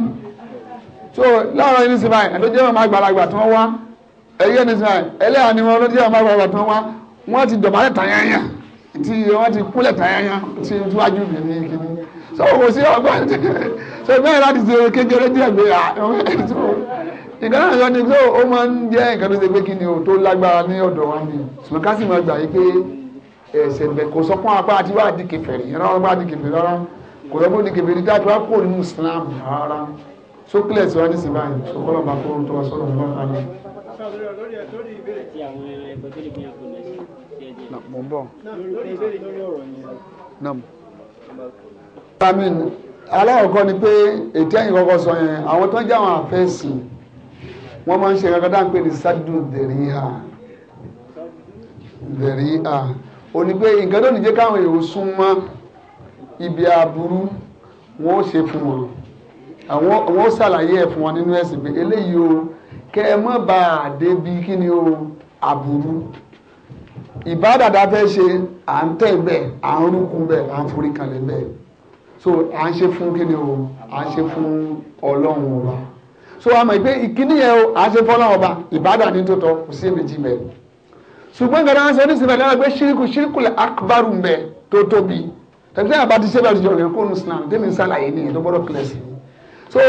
so láàárọ̀ yìí nísìnyí báyìí ẹ̀dọ́jẹ́ màmá àgbàlagbà tí wọ́n wá ẹ̀yẹ́ nísìnyí ẹlẹ́yà ni wọn lọ́jẹ́ màmá àgbàlagbà tí wọ́n wá wọ́n ti dọ̀bálẹ̀ tàyányà tí wọ́n ti kúlẹ̀ tàyányà tí wájú bìnrin kìíní so kò sí ọgbọ́n so bẹ́ẹ̀ láti ṣe kékeré díẹ̀ gbé nǹkan náà yọ ni pé ó máa ń jẹ́ nǹkan tó ṣe pé kí ni o tó lágbára ní ọ̀dọ̀ wa ni ṣùgbọ́n ká sì máa gbà yí pé ẹ̀sẹ̀ bẹ̀ kò sọ fún apá àti wá di kèfèrí rárá wá di kèfèrí rárá kò sọ fún di kèfèrí dájú wá kò nínú Islam rárá sókèlè tí wọn ní sí báyìí sọkọlọ bá kó tó wá sọ̀rọ̀ wọn bá ní. mo ń bọ̀. amin aláwọ̀kọ́ ni pé ètí ẹ̀yìn kọ́kọ́ sọ yẹn àwọn tó ń jẹ́ àwọn àfẹ́sì wọ́n máa ń ṣe kankan dáhùn pé ní sádùn dèrí ha dèrí ha ò pé nǹkan tó ní jẹ́ káwọn èrò súnmọ́ ibi aburú wọn ó ṣe fún wọn àwọn ó ṣàlàyé ẹ̀ fún wọn nínú ẹ̀sìn pé eléyìí o kẹ ẹ mọ́ bá a débi kí ni o àbúrú ìbádàdà fẹ́ ṣe à ń tẹ̀ bẹ́ẹ̀ à ń rúkú bẹ́ẹ̀ à ń forí bẹ́ẹ̀ so à ń ṣe fún kí ni o à ń ṣe fún ọlọ́run ọba so àmọ́ ìpè ìkíní yẹn o à ń ṣe fún ọlọ́run ọba ìbádà ní tó tọ́ kò sí èméjì mẹ́rin ṣùgbọ́n gbẹdẹ wọn ṣe ní sinimá lẹ́wọ̀n pé ṣíríkù ṣíríkù lẹ akbaru mbẹ tó tóbi tẹ̀síwájú àbá ti ṣe bá ti jọ̀rọ̀ kó nu sinam tẹ́mi sálàyé nìyẹn tó gbọ́dọ̀ kílẹ̀ sí i so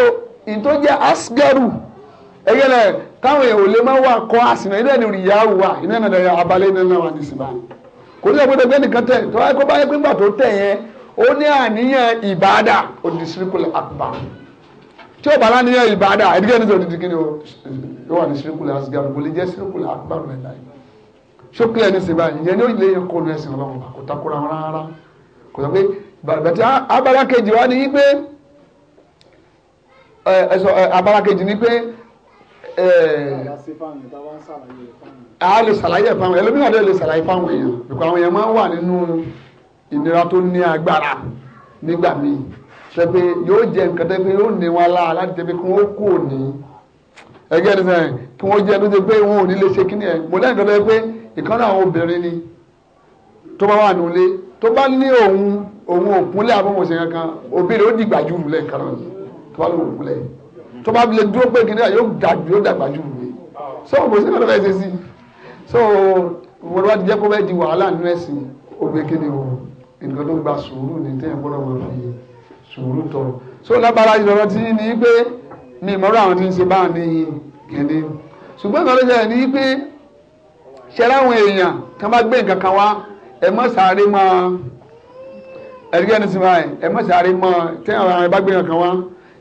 ìtò jẹ́ asgaru ẹgbẹ́ rẹ̀ káwọn èèyàn ò lè máa wà kọ́ àsìnà iná ẹni rìyà wà iná ẹni rẹ̀ abalẹ̀ iná náà wà ní ìsìnbá kò ní ẹgbẹ́ tẹgbẹ́ nìkan tẹ̀ tó wáyé kó bá yẹ pé ńgbà tó tẹ̀ yẹn ó ní àníyàn ìbáadà oníṣiríkul akbar tí ó bá láníyàn ìbáadà ẹ̀dígẹ́ ní tòun dídí kí ni ó wà ní ṣiríkul asgaru kò lè jẹ́ ṣiríkul akbar rẹ̀ láì ṣókìlẹ̀ ní ìsìnbá ìyẹn ní ó lè kó lu ẹ̀sìn ọlọ́run kò takora rárá kò sọ pé bàtà abala kejì wa ni yí pé ẹsọ abala kejì ni pé a lè ṣàlàyé fáwọn ẹlòmíràn dẹ̀ lè ṣàlàyé fáwọn èèyàn nípa àwọn èèyàn máa ń wà nínú ìnira tó ní agbára nígbà míì ṣe pé yóò jẹ nǹkan tẹ́ pé yóò ní wọn lára láti tẹ́ pé kí wọ́n kú òní ẹgbẹ́ ẹni sẹ́yìn kí wọ́n jẹ́ ló ṣe pé wọn ò ní lè ṣe kíní ẹ̀ mo lẹ́yìn kan tẹ́ pé ìkànnì àwọn obìnrin ni tó bá wà nílé tó bá ní òun òun òkúnlé àbọ̀mọ̀ṣe kankan obìnrin ó dìgbà jù lẹ́ẹ̀kan náà tó bá lò wò kulẹ̀ tó bá lè dúró pé kìnìún yóò ga yóò dàgbà jù wùwé so kò sí ìfọdọ́ fẹ́ ṣe sí so wọ́n wá ti jẹ́ kó fẹ́ di wàhálà nínú ẹ̀sìn ògbé kéde o nǹkan tó gba sùúrù ní tẹ́yìn gbọ́dọ̀ wọ́n fi sùúrù tọrọ so lábára ìrọ̀rọ̀ tí ní pé mi ìmọ̀ràn àwọn tí ń ṣe báà ní kẹ́ni ṣùgbọ́n ìgbà tó jẹ́ ní pé ṣẹlá àwọn èèyàn kan bá gbé nǹkan kan wá ẹ mọ́ sáré mọ́ ẹ̀rí ẹni ẹ mọ́ sáré mọ́ tẹ́yìn àwọn bá gbé nǹkan kan wá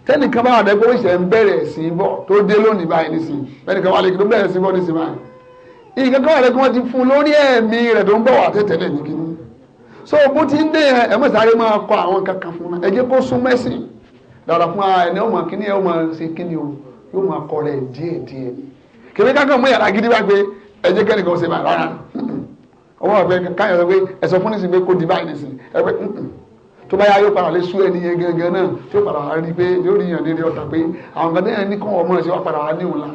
tẹ́nìkan bá àdẹ́ pé ìṣẹ̀ ń bẹ̀rẹ̀ sí í bọ̀ tó dé lónìí báyìí nísìn tẹ́nìkan wà lẹ́kìn tó bẹ̀rẹ̀ sí í bọ̀ nísìn báyìí nǹkan kan àdẹ́ pé wọ́n ti fún lórí ẹ̀mí rẹ̀ tó ń bọ̀ wà tẹ́tẹ́lẹ̀ ní kíní so bó ti ń dé yẹn ẹ mọ̀ sáré máa kọ àwọn kankan fún un ẹ jẹ́ kó sún mẹ́sìn dáadáa fún ara ẹni ọmọ kíní ẹ ọmọ ṣe kíní o yóò máa kọ rẹ̀ díẹ̀ díẹ̀ kèmí kankan mú yàrá gidi bá gbé ẹ jẹ́ kẹ́nìkan ṣe báyìí rárá ọwọ́ ọ̀gbẹ́ káyọ̀ sọ pé ẹ tó bá yá yóò padà lé sú ẹni yẹn gangan náà tí ó padà wá rí pé yóò rí yàn dédé ọ̀tà pé àwọn kan tẹ́yàn ní kọ́ ọmọ rẹ̀ sí wá padà wá ní òun la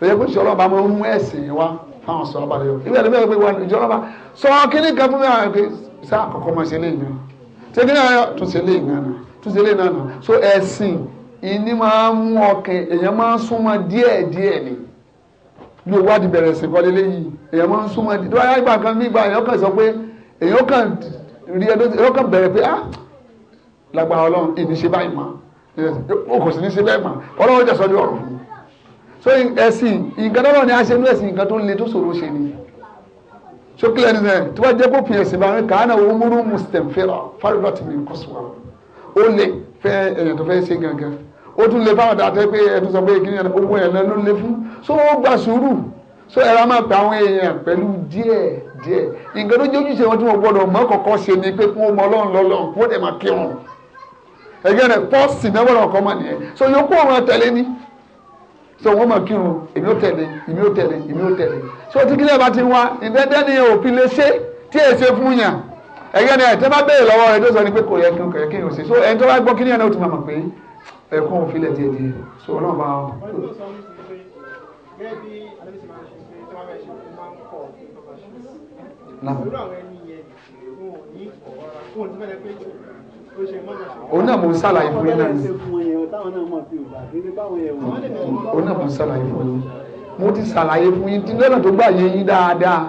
lóye kó sọ ọlọ́ba máa ń mú ẹ̀sìn wá fáwọn sọ ọba lẹ́yọ ibẹ̀ ló bẹ́ẹ̀ pé wà ìjọ ọlọ́ba sọ kíní kan fún mi àwọn pé sá àkọ́kọ́ máa ṣe lé ìgbà ṣé kíní ayọ̀ tún ṣe lé ìgbà náà tún ṣe lé ìgbà náà so ẹ̀sìn ìní máa ń mú ọkàn èèyàn máa ń súnmọ́ díẹ̀díẹ̀ ni bí owó àti bẹ̀rẹ̀ kọ́lé léyìí èèyàn máa ń súnmọ́ díẹ̀ tó bá yá ìgbà kan mí ìgbà èèyàn kàn sọ pé èèyàn kàn rí ẹ lọ́kàn bẹ̀rẹ̀ pé ah lágbára ọlọ́run ìní ṣe báyìí mọ́ o kò sì ní ṣe bẹ́ẹ̀ mọ́ ọlọ́run jẹ́ sọ́jú ọ̀rọ̀ fún so ẹ̀sìn nǹkan tọ́lọ́ ni a ṣe ní ẹ̀sìn nǹkan tó le tó ṣòro ṣe ni sókèlè ni sẹ́yìn tí wọ́n jẹ́ kó pèsè bá wọn kàánà òmùrú mùsùlùmí fárúdọ̀ tì mí kó sùwà ó lè fẹ́ ẹ̀yàn tó fẹ́ ṣe gangan o tún lè fáwọn dàtẹ́ pé ẹ̀tún sọ pé kí ni owó ẹ̀yàn ló lè fún so ó gbà sùúrù so ẹ̀rọ máa pa àwọn èèyàn pẹ̀lú díẹ̀ díẹ̀ nǹkan tó jẹ́ ojúṣe wọn tí wọ́n gbọ́dọ̀ mọ́ kọ̀kọ́ ṣe ni pé kí wọ́n mọ ọlọ́run lọ́lọ́run kí wọ́n dẹ̀ máa kí wọn ẹgbẹ́ rẹ̀ pọ́ọ̀sì náà wọ́n kọ́ mọ̀ nìyẹn so yòókù ọ̀run àtẹ̀lé ni so wọ́n mọ̀ kírun èmi ó tẹ̀lé èmi ó tẹ̀lé èmi ó tẹ̀lé so tí kílẹ̀ bá ti wá ìdẹ́dẹ́ ni òfin lè ṣe tí èsè fún yàn ẹgbẹ́ rẹ̀ tẹ́ bá béèrè lọ́wọ́ rẹ̀ tó sọ ni pé kò yẹ kí n kò yẹ kí n ò ṣe so ẹni tó òun náà mò ń sàlàyé fún yín náà òun náà mò ń sàlàyé fún yín mo ti sàlàyé fún yín lọ́nà tó gbà yé yín dáadáa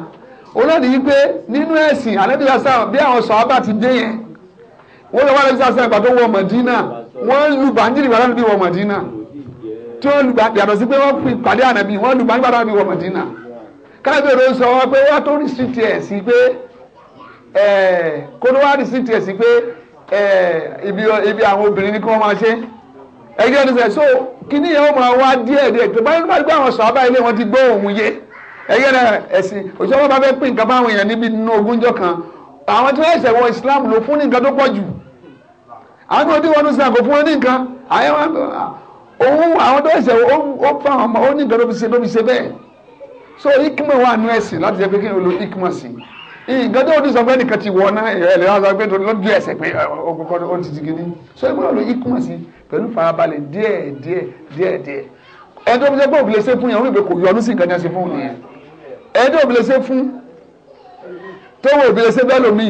òun náà nìyí pé nínú ẹ̀sìn àlẹ́bíyà sáà bí àwọn sọ̀hábà ti dé yẹn wọ́n lọ wá lẹ́bíyà sáà ìgbà tó wọ Mádínà wọ́n lu bàǹjìrì wàhálà níbi wọ Mádínà tí wọ́n lu bàǹjìrì yàtọ̀ sí pé wọ́n pàdé ànàbí wọ́n lu bàǹjìrì wàhálà níbi wọ Mádínà. kábèrè sọ wọn pé wọ́n tó rìsítì ẹ̀ sí pé kódó wá rìsítì ẹ̀ pé ibi àwọn obìnrin ní kí wọ́n máa ṣe ẹgbẹ́ ẹni sẹ́ so kíní yẹn wọ́n máa wá díẹ̀ díẹ̀ tó bá nígbà gbé àwọn sọ abá wọn ti gbọ́ òun yé ẹgbẹ́ ẹni ẹ̀sìn òṣìṣẹ́ wọn bá fẹ́ pín nǹkan báwọn èèyàn níbi nínú ogúnjọ́ kan àwọn tí wọ́n ti kò fún wọn ní nǹkan àwọn so ikima wà nù ẹ̀sìn láti jẹ́ pé kí ni o lo ikima sí nǹkan tó o ti sọ pé nìkan ti wọ ọ́ náà ẹ̀ lẹ́yìn sọ pé lójú ẹsẹ̀ pé ọkọ̀ ó ti ti gidi so ikima lo ikima sí pẹ̀lú farabalẹ̀ díẹ̀ díẹ̀ díẹ̀ díẹ̀ ẹ̀ tó fi jẹ́ pé òbí lè ṣe fún yẹn orí ìgbé kò yọnu sí nǹkan ní ẹsẹ̀ fún yẹn ẹ̀ tó òbí lè ṣe fún tó wọ òbí lè ṣe bẹ́ẹ̀ lómi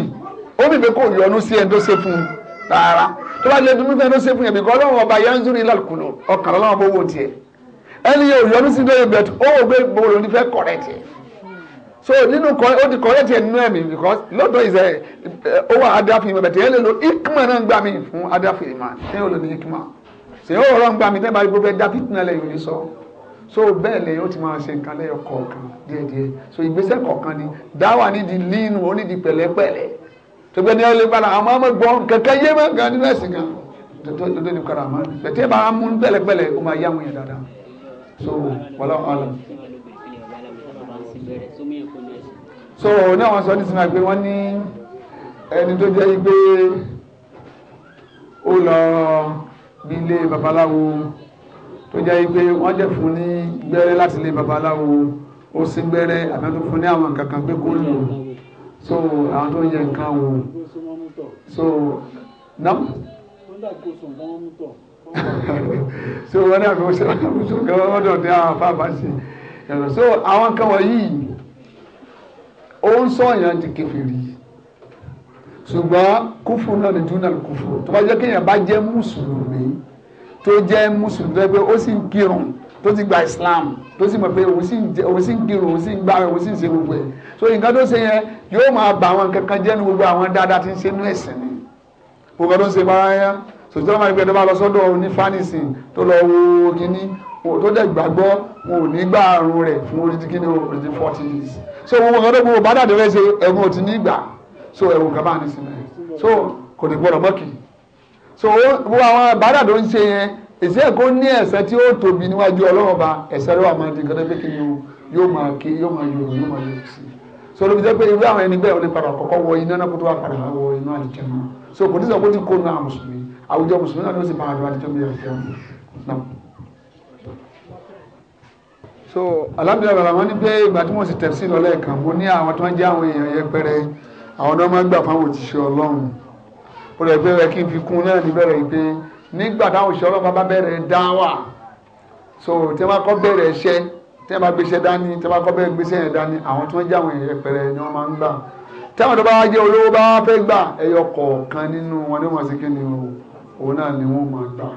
orí ìgbé kò yọnu sí ẹ̀ tó ṣe fún rárá tó bá lè dúró fún ẹ̀ tó ṣe fún yẹn bìkọ́ ọlọ́run ọba yẹn ń zúrí lálùkùnú ọkàn ọlọ́run ọba owó tiẹ̀ ẹni yóò yọnu sí lóye bẹ̀tù ó wò gbé gbogbo ní fẹ́ correct so nínú ó ti correct ẹ̀ nínú ẹ̀mí because lóòótọ́ ìṣe eh, ó wà adáfin ìmọ̀ bẹ̀tẹ̀ ẹ̀ lè lo ikma náà gbà mí fún adáfin ìmọ̀ ẹ̀ yóò lò ní ikma ṣe ó rọ̀ ń gbà mí tẹ́lẹ̀ bá fẹ́ dá fitna lẹ́yìn ní sọ so bẹ́ẹ̀ lẹ́yìn ó ti máa ṣe nǹkan lẹ́yọ kọ̀ọ̀kan díẹ̀díẹ̀ so ìgbésẹ̀ kọ̀ọ̀kan ni dáwà nídi líìnù onídi pẹ̀lẹ́pẹ̀lẹ́ tó gbé ní ẹ lè bára àwọn ọmọ gbọ́n kẹ̀kẹ́ yé mọ́ gan nínú ẹ̀sìn gan tó tó tó ní kọ́ra àmọ́ bẹ̀tẹ́ bá mú pẹ̀lẹ́pẹ̀lẹ́ ó máa yá wọn yẹn dáadáa so wọlé ọlọ. so ní àwọn sọ nísìnyí àgbẹ̀ wọ́n ní ẹni tó jẹ́ pé ó lọ bí ilé babaláwo tó jẹ́ pé wọ́n jẹ́ fún ní gbẹ́rẹ́ láti ilé babaláwo ó sí gbẹ́rẹ́ àbẹ́tò fún ní àwọn nǹkan pé kó lò so àwọn tó ń yẹ nǹkan wò so. Nam? so wọn náà fi sọ̀rọ̀ kí wọ́n dọ̀ dé àwọn afáfá sí i so àwọn kan wọ̀nyí ó ń sọ èèyàn di kèfèrí ṣùgbọ́n kúfù náà ni dúnà kúfù tó bá jẹ́ kéèyàn bá jẹ́ mùsùlùmí tó jẹ́ mùsùlùmí tó yẹ ó sì ń kírun tó ti gba islam tó sì mọ̀ pé òun sì ń jẹ òun sì ń kírun òun sì ń gbára òun sì ń ṣe gbogbo ẹ̀ so nǹkan tó ṣe yẹn yóò máa bà àwọn kankan jẹ́ nu gbogbo àwọn dáadáa tí ń ṣe nú ẹ̀sìn ni gbogbo tó ń ṣe bára yẹn sòtítọ́ máa ń gbé ẹ̀dọ́bà lọ sọ́dọ̀ onífánísìn tó lọ wo kínní tó dẹ̀ gbàgbọ́ wọn ò ní gbà àrùn rẹ̀ fún odidi kínní odidi forty years so wọn wọn kọ́dọ̀ gbogbo bàdà dẹ́rẹ́ ṣe ẹ̀wọ̀n ò ti ní gbà so ẹ̀wọ̀n kaba ní sinmi so kò ní gbọ́dọ̀ mọ́kì so gbogbo àwọn bàdà tó ń ṣe yẹn èsì ẹ̀kọ́ ní ẹ̀ṣẹ̀ tí ó tóbi níwájú Ọlọ́run ba ẹ̀ṣẹ̀ rẹ̀ wà máa di kọ́dọ̀ pé kí ni yóò máa ké yóò máa yọ̀ yóò máa yọ̀ sí i so lóbi jẹ́ pé irú àwọn ẹni bẹ́ẹ̀ wọn ni padà kọ́kọ́ wọ iná náà kó tó wà padà wọ iná àlùjẹ́ so kò ní sọ pé ó ti kó nu àwọn mùsùlùmí àwùjọ mùsùlùmí náà ni ó sì máa àdúrà níjọ́ mìíràn fún un. so alhamdulilayi bàbá wọn ní pé ìgbà tí mo sì tẹ̀sí lọ lẹ́ẹ̀kan mo ní àwọn tó ń jẹ́ àwọn èèyàn yẹpẹrẹ àwọn náà máa ń gbà fáwọn òjíṣẹ́ ọlọ́run ó lè bẹ̀rẹ̀ kí n fi kún náà níbẹ̀rẹ̀ yìí pé nígbà táwọn òṣìṣẹ́ ọlọ́run bá bẹ̀rẹ̀ dáwà so tí wọ́n bá kọ́ bẹ̀rẹ̀ iṣẹ́ tí wọ́n bá gbéṣẹ́ dání tí wọ́n bá kọ́ bẹ̀rẹ̀ gbéṣẹ́ yẹn dání àwọn tí wọ́n jẹ́ àwọn èèyàn yẹpẹrẹ ni wọ́n máa ń gbà táwọn tó bá jẹ́ olówó bá fẹ́ gbà ẹyọ kọ̀ọ̀kan nínú wọn ni wọ́n sì kí ni o òun náà ni wọ́n máa gbà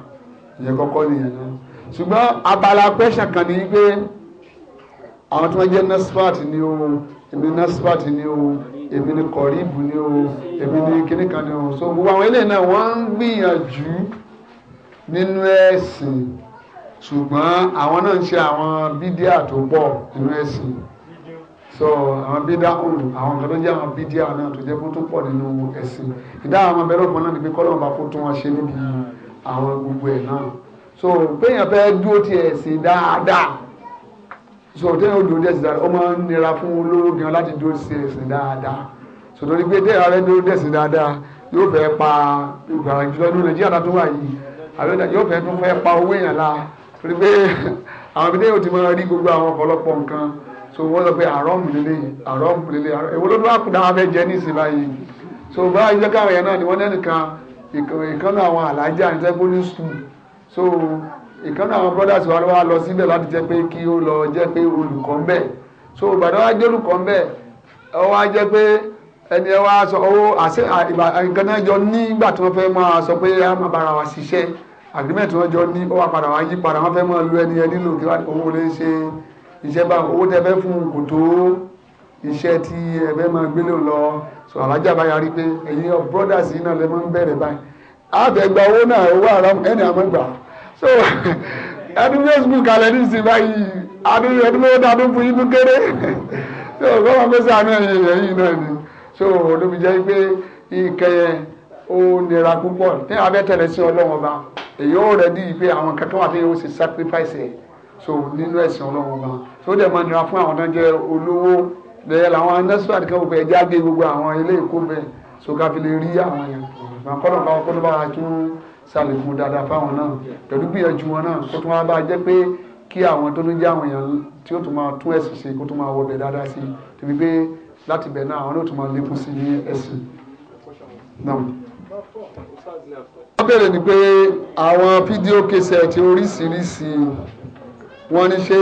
ìyẹn kọ́kọ́ nìyẹn náà ṣùgbọ́n abala pẹ́ṣẹ̀ kan ní pé àwọn tí wọ́n jẹ́ nurspart ni o èmi nurspart ni o èmi ni kọ̀ríbù ni o èmi ni kíní kan ni o so gbogbo àwọn eléyìí náà wọ́n ń gbìyànjú nínú ẹ̀sìn ṣùgbọ́n àwọn náà ń ṣe àwọn bídíà tó pọ̀ nínú ẹ̀sìn so àwọn bídà òòlù àwọn nǹkan tó jẹ́ àwọn bídà náà tó jẹ́ kó tó pọ̀ nínú ẹ̀sìn ìdá àwọn abẹ́rẹ́ ọ̀pọ̀ náà ni pé kọ́lọ́ bá kó tó wọn ṣe níbi àwọn gbogbo ẹ̀ náà so péyàn fẹ́ dúró ti ẹ̀sìn dáadáa so téèyàn ó dúró ti ẹ̀sìn dáadáa ó máa ń nira fún olówó gan láti dúró ti ẹ̀sìn dáadáa so torí pé téèyàn rẹ dúró ti ẹ̀sìn dáadáa yóò fẹ́ pa ìgbàlá jùlọ ní Nàìjíríà tó wà yìí àbẹ́dà yóò fẹ́ tún fẹ́ pa owó èèyàn la torí pé àwọn ibi téèyàn ti máa rí gbogbo so wọ́n sọ pé àrọ́mù lélẹ̀ yìí àrọ́mù lélẹ̀ èwo ló wá kúndà wọn fẹ́ jẹ ní ìsìn báyìí so báyìí jẹ́ káwọn yẹn náà ni wọ́n nẹ́nìkan ìkànnì àwọn àlájá ní sẹ́kúndì skul so ìkànnì àwọn brothers wa wá lọ síbẹ̀ láti jẹ́ pé kí ó lọ jẹ́ pé olùkọ́ ń bẹ̀ so ìbàdàn wa jẹ́ olùkọ́ ń bẹ̀ ọ wá jẹ́ pé ẹni ẹ wá sọ owó àṣẹ nǹkan náà jọ nígbà tí wọ́n fẹ́ máa sọ pé a máa bára wa ṣiṣẹ́ agreement wọn jọ ní ó wà padà wá yí padà wọ́n fẹ́ máa lu ẹni ẹni lò kí owó lè ṣe é iṣẹ́ bá owó tẹ fẹ́ fún kò tó iṣẹ́ tí ẹ fẹ́ máa gbélé lọ sọ alájà bá yarí pé ẹ̀yin brothers yìí náà lè ń bẹ̀rẹ̀ báyìí àbẹ̀gbà owó náà owó àràm ẹni àmọ́gbà so ẹni facebook alẹ́ ní ìsìn báyìí adúlé ẹdúlé ó dàdú fún yín kéré so gbọ́dọ̀ pé sànú ẹ̀yìn ẹ̀yìn náà ni so olóbi jẹ́ pé ìkẹyẹ ó nira púpọ̀ ní abẹ́tẹ̀lẹ́sí ọlọ́wọ́n bá èyí ó rẹ̀ dí pé àwọn kankan wà tó yẹ ó sì sacrifice ẹ̀ so nínú ẹ̀sìn ọlọ́run gan so ó dẹ̀ máa nira fún àwọn tó ń jẹ́ olówó lẹ́yìn làwọn nẹ́sùn àti kẹ́kọ̀ọ́ ẹ̀jẹ̀ àgbẹ̀ gbogbo àwọn ilé ìkó bẹ́ẹ̀ so ká fi lè rí àwọn yẹn ìgbà kọ́nà bá wọn kó ló bá wa tún ṣàlékún dáadáa fáwọn náà pẹ̀lú gbìyànjú wọn náà kó tún wá bá jẹ́ pé kí àwọn tó ń jẹ́ àwọn èèyàn tí ó tún máa tún ẹ̀sìn ṣe kó tún máa wọbẹ̀ bẹ̀ wọ́n bẹ̀rẹ̀ ni pé àwọn fídíò kẹsẹ̀ ti oríṣiríṣi wọ́n ní ṣé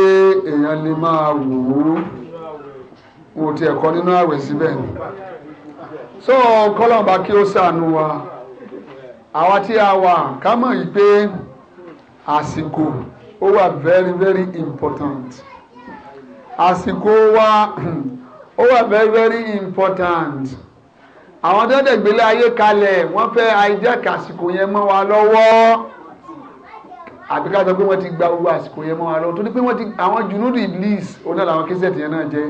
èèyàn lè máa wò ó wò tí ẹ̀kọ́ nínú àwẹ̀ síbẹ̀ ni so kọ́lọ́mbà kí ó ṣàánú wa àwa tí a wà ká mọ̀ yìí pé àsìkò ó wà very very important àsìkò wa ó wà very very important àwọn tó dẹ̀ gbélé ayé kalẹ̀ wọ́n fẹ́ àìjẹ́ kàsìkò yẹn mọ́ wa lọ́wọ́ àbí ká sọ pé wọ́n ti gba owó àsìkò yẹn mọ́ wa lọ torí pé wọ́n ti àwọn junudu iblis oná làwọn kíṣẹ́ tìyẹn náà jẹ́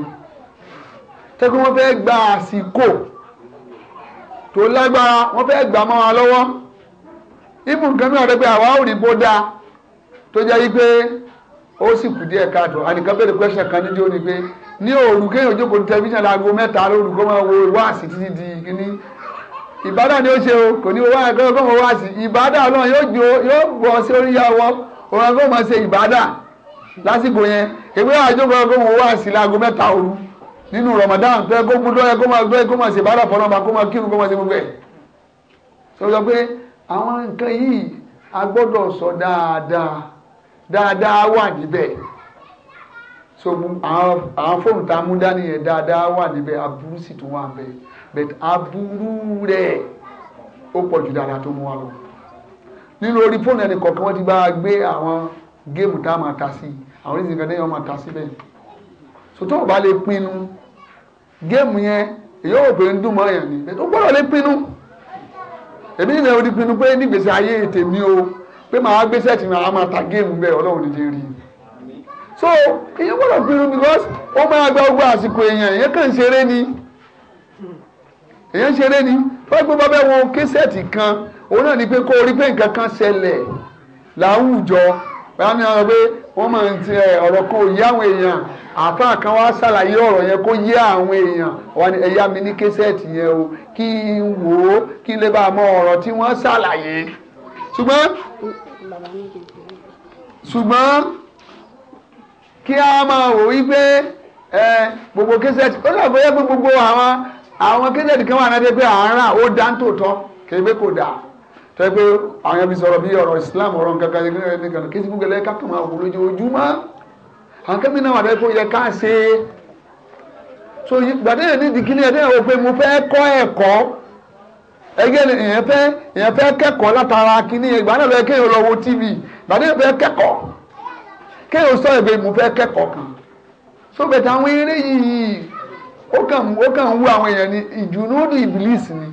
tẹ́kọ̀ wọ́n fẹ́ gba àsìkò tó lágbára wọ́n fẹ́ gbà mọ́ wa lọ́wọ́ ibù nǹkan mìíràn rẹ pé àwa ò rí bó dáa tó jẹ́ wípé ó sì kù díẹ̀ káàtó ànìkan bẹ̀rẹ̀ pẹ́ṣẹ̀ kan níjó ni pé ní òòrùn kéèyàn jókòó tẹlifíṣàn láago mẹ́ta lórúkọ máa wo wáàsì títí di kíní ìbádà ni ó ṣe o kò ní owó àgbẹ̀ kó mọ̀ wá sí ìbádà ọlọ́run yóò jó yóò wọ sí orí ọwọ́ òun kó mọ̀ ṣe ìbádà lásìkò yẹn ìwé àjọpọ̀ kó mọ̀ wá sí láago mẹ́ta òru nínú Ramadan tó yẹ kó gbúdọ̀ yẹ kó máa gbé kó máa ṣe ìbádà fọlọ́mà kó máa kírun kó máa ṣe gbogbo ẹ̀. sọ sọ pé àwọn nǹkan yìí a gbọ́dọ̀ sọ dáadáa dáadáa wà níbẹ̀ so àwọn fóònù tá a mú dání yẹn dáadáa wà níbẹ̀ aburú sì tún wà níbẹ̀ but aburú rẹ̀ ó pọ̀ ju dáadáa tó mú wa lọ nínú orí fóònù ẹnì kọ̀ọ̀kan wọ́n ti bá gbé àwọn géèmù tá a máa ta sí àwọn oríṣiríṣi nǹkan tẹ́yìn wọ́n máa ta síbẹ̀ sòtò ọba lè pinnu géèmù yẹn èyí ò pè ń dùn mọ́ èèyàn ni ó gbọ́dọ̀ lè pinnu èmi ìlẹ̀ ò ti pinnu pé nígbèsè ayé ètè o pé màá gbé sẹ́ẹ̀tì màá máa ta géèmù bẹ́ẹ̀ ọlọ́run nídìí rí i so èyí gbọ́dọ̀ pinnu because ó máa gba gbogbo àsìkò èèyàn èyí kàn èyàn ṣeré ni ó gbé bọ́ bẹ́ẹ̀ wo késẹ̀tì kan òun náà ni pé kó o rí pé nǹkan kan ṣẹlẹ̀ láwùjọ báyà ni àwọn pé wọ́n máa ń ti eh, ọ̀rọ̀ kan ò yé àwọn èèyàn àfa kan wá ṣàlàyé ọ̀rọ̀ yẹn kó yé àwọn èèyàn wà ní ẹ̀yà mi ní késẹ̀tì yẹn o kí n wò ó kí n lè bá a mọ ọ̀rọ̀ tí wọ́n ṣàlàyé ṣùgbọ́n ṣùgbọ́n kí a máa wò wípé eh, gbogbo késẹ̀tì ó dàgbé gbogbo àwọn àwọn kéjèèdì kan wà náà dé pé àárá ó dá ń tòótọ́ kébé kò dáa tẹ́ pé àwọn ẹbí sọ̀rọ̀ bí ọ̀rọ̀ Islam ọ̀rọ̀ nǹkan kan nìkan kí sígbó gẹlẹ́ ká tó máa wò lójoojúmọ́ àwọn kẹ́mi náà wà dé pé ó yẹ ká ṣe é so gbàdé yẹn ní dìgínì ẹ̀dẹ́ ò pé mo fẹ́ kọ́ ẹ̀kọ́ ẹgbẹ́ èèyàn fẹ́ èèyàn fẹ́ kẹ́kọ̀ọ́ látara kínní ìgbà náà lọ́yẹ kéèyàn lọ wo TV gbàdé yẹn fẹ́ kẹ́kọ̀ọ́ kéèyàn sọ èbè mo fẹ́ so bẹ̀tẹ̀ àwọn eré ó kàn ó kàn ń wú àwọn èèyàn ní ìjùnúdù ìbílíìs ni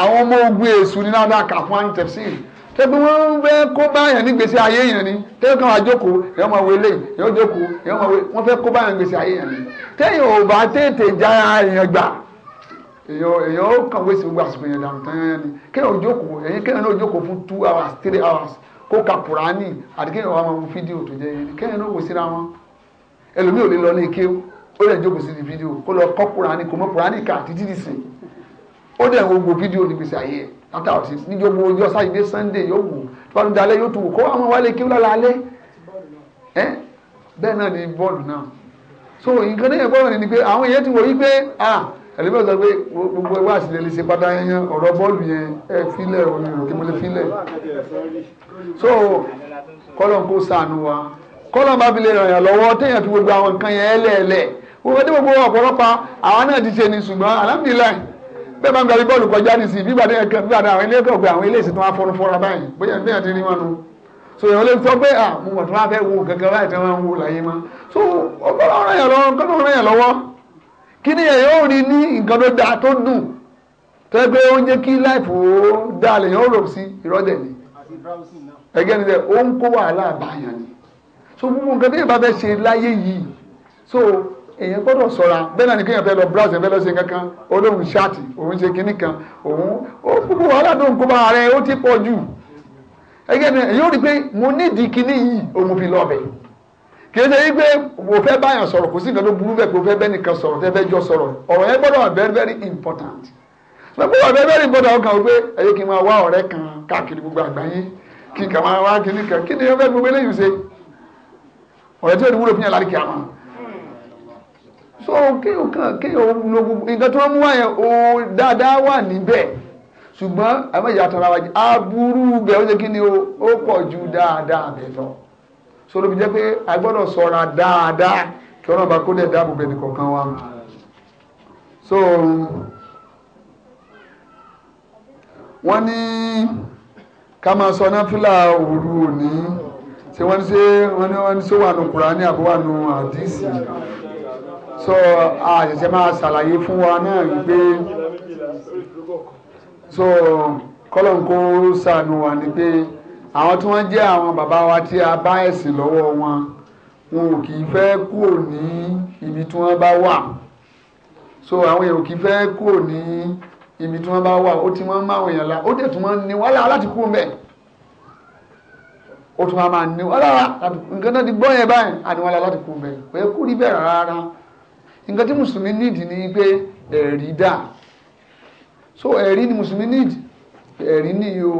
àwọn ọmọ ogun èṣù ní ládàá kà fún àyìn tẹ̀síìlì tẹ́bí wọ́n ń fẹ́ kó báyàn ní gbèsè ayé yẹn ni tẹ́bí kan wà jókòó èèyàn máa wọlé èèyàn jókòó èèyàn máa wọlé wọ́n fẹ́ kó báyàn gbèsè ayé yẹn ni tẹ́yìn ò bá tètè já èèyàn gbà èèyàn ó kàn wéṣe gbogbo àsìkò yẹn dànù tán yẹn ni kéèyàn ò jókòó èèyàn kéèyàn náà jókòó fún two hours three hours kó ka Kùránì àti kéèyàn wà máa wo fídíò tó jẹ yẹn kéèyàn náà wò síra wọn ẹlòmíì ò lè lọ ní kéwù ó lè jókòó sí ní fídíò kó lọ kọ́ kúránì kò mọ kúránì kà títí di sìn ó dẹ̀ ń wo fídíò nígbèsè ayé ẹ̀ láti àwọn sí ní gbogbo ọjọ́ sáyidé sunday yóò wù tó bá ń dalẹ̀ yóò tún wù kó àwọn wálé kí ó lọ́la alẹ́ ẹ́ bẹ́ẹ̀ náà ni bọ́ọ̀lù náà so nǹkan náà bọ́ọ̀lù ni pé àwọn èèyàn ti wò wípé ah ẹlẹ́bí ọ̀sán pé gbogbo ẹwà àti ilé ṣe pátá yẹn ọ̀rọ̀ bọ́ọ̀lù yẹn ẹ filẹ̀ òní òkè mọ́lẹ́ filẹ̀ so kọ́lọ̀ kó sànù wa kọ́lọ́n bá fi lè ràn yàn lọ́wọ́ téèyàn fi gbogbo àwọn nǹkan yẹn lẹ́ẹ̀lẹ́ gbogbo tí gbogbo ọ̀pọ̀lọpọ̀ àwọn náà ti ṣe ni ṣùgbọ́n alhamdulilayi bẹ́ẹ̀ máa ń gbàgbé bọ́ọ̀lù kọjá ní sí bíbá dé ẹ̀kẹ́ bíbá dé àwọn ilé ẹ̀kọ́ pé àwọn ilé ìsìn tó wá fọ́nú fọ́ra báyìí bóyá bẹ́ẹ̀ ti rí wọn nu so èèyàn lè sọ pé à mo mọ̀ tó wá fẹ́ wo kankan láì tẹ́ wọn wo láyé mọ́ so ọgbọ́n ọ̀ràn yàn lọ́wọ́ kọ́nà ọ̀ràn yàn lọ́wọ́ kí ni èèyàn ò rí ní nǹkan tó dáa tó dùn tó yẹ pé ó ń jẹ́ kí kó wàhálà àbáyàn ni so gbogbo nǹkan tẹ́yìn bá fẹ́ ṣe láyé yìí so èyàn gbọ́dọ̀ ṣọ́ra bẹ́ẹ̀ náà ni kéèyàn fẹ́ lọ browse fẹ́ lọ ṣe kankan olóhùn ṣáàtì òun ṣe kinní kan òun ó gbogbo wàhálà tó ń kó bá ara ẹ ó ti pọ̀ jù ẹgbẹ́ mi yóò rí i pé mo nídìí kinní yìí òun fi lọ́ọ̀bẹ̀ kìí ṣe wípé mo fẹ́ báyàn sọ̀rọ̀ kò sí nǹkan tó burú bẹ́ẹ̀ pé mo fẹ́ bẹ́ẹ̀ nìkan sọ̀rọ̀ tẹ́ fẹ́ jọ sọ̀rọ̀ ọ̀rọ̀ yẹn gbọ́dọ̀ very very important gbogbo wà very very important ọkàn wípé ẹ̀yẹ́ kí n máa wá ọ̀rẹ́ kan káàkiri gbogbo àgbáyé kí n kà máa wá kinní kan kí ni ẹ fẹ́ gbogbo eléyìí ṣe ọ̀rẹ́ tí ó ní wúlò fún yàn láti kí a mọ̀ so kéèyàn kan kéèyàn ló gbogbo nǹkan tí mú wáyẹn o dáadáa wà níbẹ̀ ṣùgbọ́n àwọn ìyá tọ́ra wájú aburú bẹ̀ ó ṣe kí ni o ó pọ̀ ju dáadáa bẹ̀ lọ so ló fi jẹ́ pé a gbọ́dọ̀ ṣọ́ra dáadáa kí ọlọ́run bá kó lẹ̀ dáàbò bẹ̀ nìkọ̀ọ̀kan wa so wọ́n ní ká máa sọ náfìlà òru òní ṣé wọ́n ṣe wọ́n ní wọ́n ṣe wà nù Kùránì àbí wà nù àdìsí so àṣẹṣẹ máa ṣàlàyé fún wa náà wípé so kọ́lọ̀ ń kó sànù wà ní pé àwọn tí wọ́n jẹ́ àwọn bàbá wa tí a bá ẹ̀sìn lọ́wọ́ wọn wọn ò kì í fẹ́ kúrò ní ibi tí wọ́n bá wà so àwọn èèyàn ò kì í fẹ́ kúrò ní ibi tí wọ́n bá wà ó ti wọ́n máa wọ̀nyàn la ó dẹ̀ tún wọ́n ní wàhálà láti kú mẹ́ẹ̀ ó tún wá máa ní ọlọ́ra nǹkan náà ti gbọ́ yẹn báyìí àníwọ̀n láti kú bẹ́ẹ̀ kú rí bẹ́ẹ̀ rárá nǹkan tí mùsùlùmí need ni pé ẹ̀rí dà so ẹ̀rí ni mùsùlùmí need ẹ̀rí nìyí o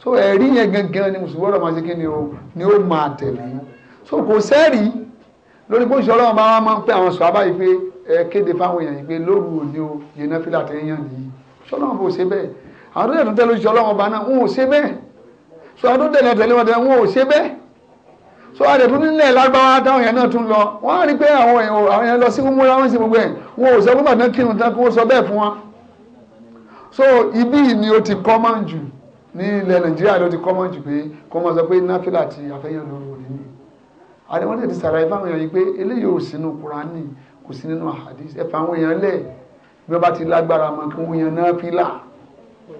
so ẹ̀rí yẹn gangan ni mùsùlùmí ọ̀rọ̀ máa ṣe kí ni o ni ó máa tẹ̀lé so kò sẹ́rí lórí bó ń ṣe ọlọ́run máa máa ń pẹ́ àwọn sọ̀rọ̀ báyìí pé ẹ kéde fáwọn èèyàn yìí pé lóru òní o yẹn náà fi làtẹ̀yìn yàn nìyí ṣọlọ́run bó ṣe bẹ́ẹ̀ àwọn tó yẹ tó tẹ́ lóṣìṣẹ́ ọlọ́run ọba náà ń ò ṣe bẹ́ẹ̀ so àwọn tó tẹ̀lé tẹ̀lé wọn tẹ̀lé wọn ò ṣe bẹ́ẹ̀ so àdẹ̀tún nílẹ̀ lágbára táwọn èèyàn náà tún lọ wọ́n á rí pé àwọn èèyàn lọ sí múra wọ́n sì gbogbo ẹ̀ wọn ò sọ pé bàtán kírun tán kí wọ́n sọ bẹ́ẹ̀ fún wọn so ibi ni ó ti common jù ní ilẹ̀ nàìjíríà ló ti common jù pé kọ́ máa sọ pé náfìlà ti àfẹ́yàn lóru òní ni àdéhùn tẹ̀lé sàrà ẹ̀fọ́ àwọn èèyàn yìí pé eléyìí ò sínú kúránì kò sí nínú àhàdís ẹ̀fọ́ àwọn èèyàn lẹ̀ bí wọ́n bá ti lágbára mọ́ kí wọ́n yan náfìlà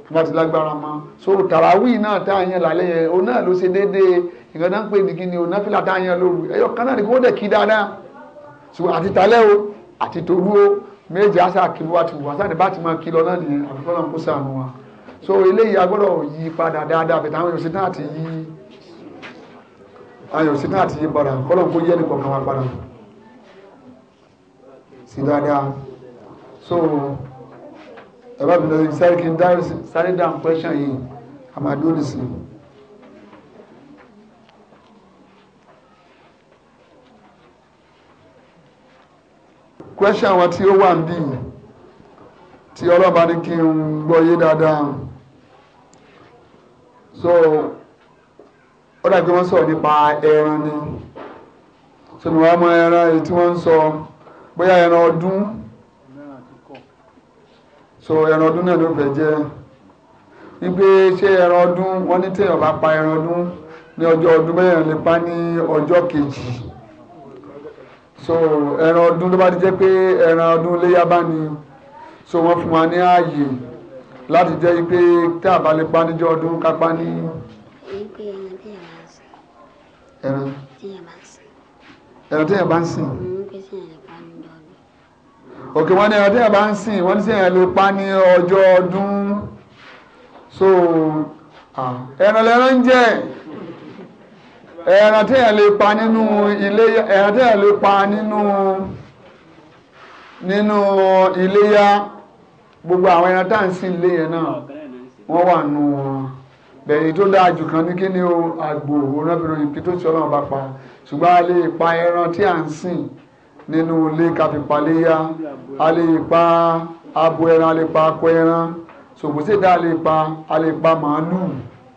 tó bá ti lágbára mọ́ so tàràwí náà tá à ń yẹn lálẹ́ yẹn òun náà ló ṣe déédéé nǹkan náà ń pè ní kíni òun náà fi láta yẹn lóru ẹyọ kan náà ni kó dẹ̀ kí dáadáa so àti talẹ́ o àti torú o méjì á sáà kí wá ti wà sáà ní bá ti máa kí lọ náà nìyẹn àfikún náà kó sànù wa so eléyìí agbọ́dọ̀ yí padà dáadáa bẹ̀tẹ̀ àwọn yòòsí náà ti yí àwọn yòòsí náà ti yí padà kọ́lọ̀ kó yẹ nìkan kan so ẹ̀rọ mi lọ sáré kí n dá sáré dáhùn pẹ́ṣán yìí àmàdó nìsín. kwẹ́ṣán wọn tí ó wà ń bì tí ọlọ́ba ní kí n gbọ́ yé dáadáa so ó dàbí wọ́n sọ̀rọ̀ nípa ẹran ni so mi wàá mọ ẹran èyí tí wọ́n ń sọ bóyá ẹran ọdún so ẹran ọdún náà ló fẹ́ jẹ́ wípé ṣé ẹran ọdún wọ́n ní téèyàn bá pa ẹran ọdún ní ọjọ́ ọdún bẹ́ẹ̀ lè pa ní ọjọ́ kejì so ẹran ọdún ló bá ti jẹ́ pé ẹran ọdún léyà bá ní so wọ́n fún wa ní ààyè láti jẹ́ pé tá a bá lè pa níjọ́ ọdún ká pa ní. ẹran ẹran bá ń sìn òkè wọn ní ẹran tí ẹ bá ń sìn wọn ní sìn lè pa ní ọjọ́ ọdún so ah, ẹran lẹran ń jẹ ẹran tí ẹ lè pa nínú ilé ẹran tí ẹ lè pa nínú nínú iléyá gbogbo àwọn ẹran tá à ń sìn ilé yẹn náà wọ́n wà nù wọn bẹ̀rẹ̀ tó dáa jù kan ní kí ni o àgbò òun rẹ́bìnrin ibi tó ti ọlọ́run bá pa ṣùgbọ́n a lè pa ẹran tí à ń sìn nínú ilé káfíńpaléyà a lè pa abo ẹran a lè pa akọ ẹran sògbóṣèdá a lè pa a lè pa màálù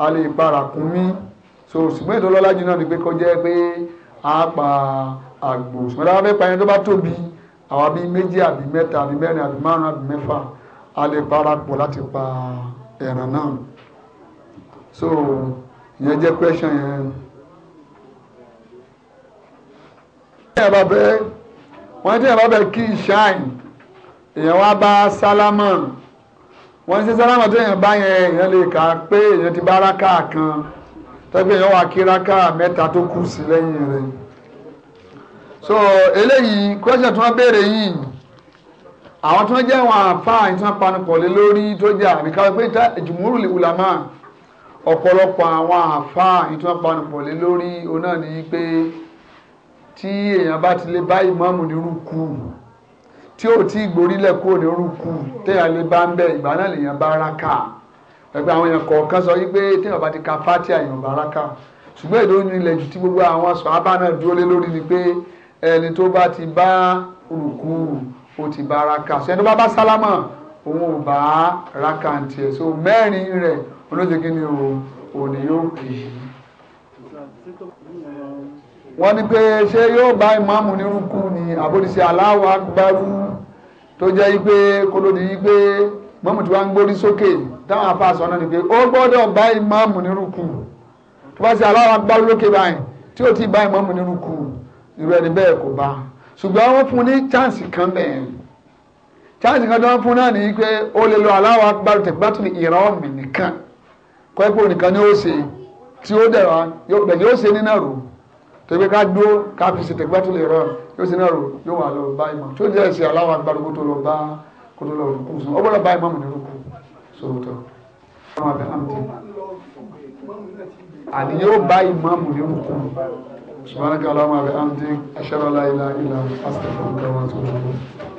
a lè pa ràkúnmí so ṣùgbọ́n ètò ọlọ́lá jù náà ni pé kọjá pé a pa àgbò ṣùgbọ́n tá a fẹ́ pa ẹni tó bá tóbi àwọn bíi méjì àbí mẹ́ta àbí mẹ́rin àbí márùn àbí mẹ́fà a lè para pọ̀ láti pa ẹran náà so ìyẹn jẹ́ question yẹn wọ́n ti yàn bá bẹ̀ kí ṣáìn èèyàn wá bá sálámà wọ́n ṣe sálámà tó yàn bá yẹn èèyàn lè kà á pé èèyàn ti bá rákà kan tẹ́gbẹ́ èèyàn wà kí rákà mẹ́ta tó kù sí lẹ́yìn rẹ̀ so eléyìí question tí wọ́n béèrè yìí àwọn tí wọ́n jẹ́ àwọn àfáà tí wọ́n panupọ̀ lé lórí tó jẹ́ àbíkáwé pé ìjùmúrù lè wùlà máa ọ̀pọ̀lọpọ̀ àwọn àfáà tí wọ́n panupọ̀ lé lórí òun ní pé tí èèyàn bá ti lè bá ìmáàmù ní rúkú tí ò tí ìgbórílẹ̀ kúrò ní rúkú téèyàn lè bá ń bẹ̀ ìgbà náà lèèyàn bá rákà ẹgbẹ́ àwọn èèyàn kọ̀ọ̀kan sọ wípé téèyàn bá ti ka fátíà èèyàn bá rákà ṣùgbọ́n èdè òní ilẹ̀ jù tí gbogbo àwọn sọ̀hábà náà dúró lé lórí ni pé ẹni tó bá ti bá rúkú ó ti bá rákà ṣẹ́ni tó bá bá sálámà òun ò bá rákà ń tiẹ̀ so mẹ́rin rẹ̀ olóṣèkí ni òun ò yóò pè é wọ́n ní pé ṣé yóò bá ìmáàmù nírúkú ni àbódìsí Allahu Akbaru tó jẹ́ pé kólódì yìí pé mọ́mù tí wọ́n ń gbórí sókè táwọn afáàsọ náà ni pé ó gbọ́dọ̀ bá ìmáàmù nírúkú tó bá ṣe Allahu Akbaru lókè báyìí tí ò tí ì bá ìmáàmù nírúkú irú ẹni bẹ́ẹ̀ kò bá ṣùgbọ́n wọ́n fún ní chance kan bẹ́ẹ̀ chance kan tó wọ́n fún náà ni pé ó lè lo Allahu Akbaru tẹ̀gbátùn ìrọ̀mì nìkan kọ́ ẹ́ pé ni ó ṣe tí ó dẹ̀ wá yóò ṣe tẹgbẹ́ ká dúró ká fi ṣe tẹgbẹ́ tó lè rọ yóò ṣe náà rò yóò wà lọ bá ìmọ̀ tó lè ṣe aláwọ̀ agbára kó tó lọ bá kó tó lọ rùkú sùn ó bọ́lá bá ìmọ̀ ní rùkú sọ̀rọ̀ tọ̀. àníyàn ó bá ìmọ̀ ní rùkú subhanaka allahumma wa bihamdik ashhadu an la ilaha illa anta astaghfiruka wa atubu ilayk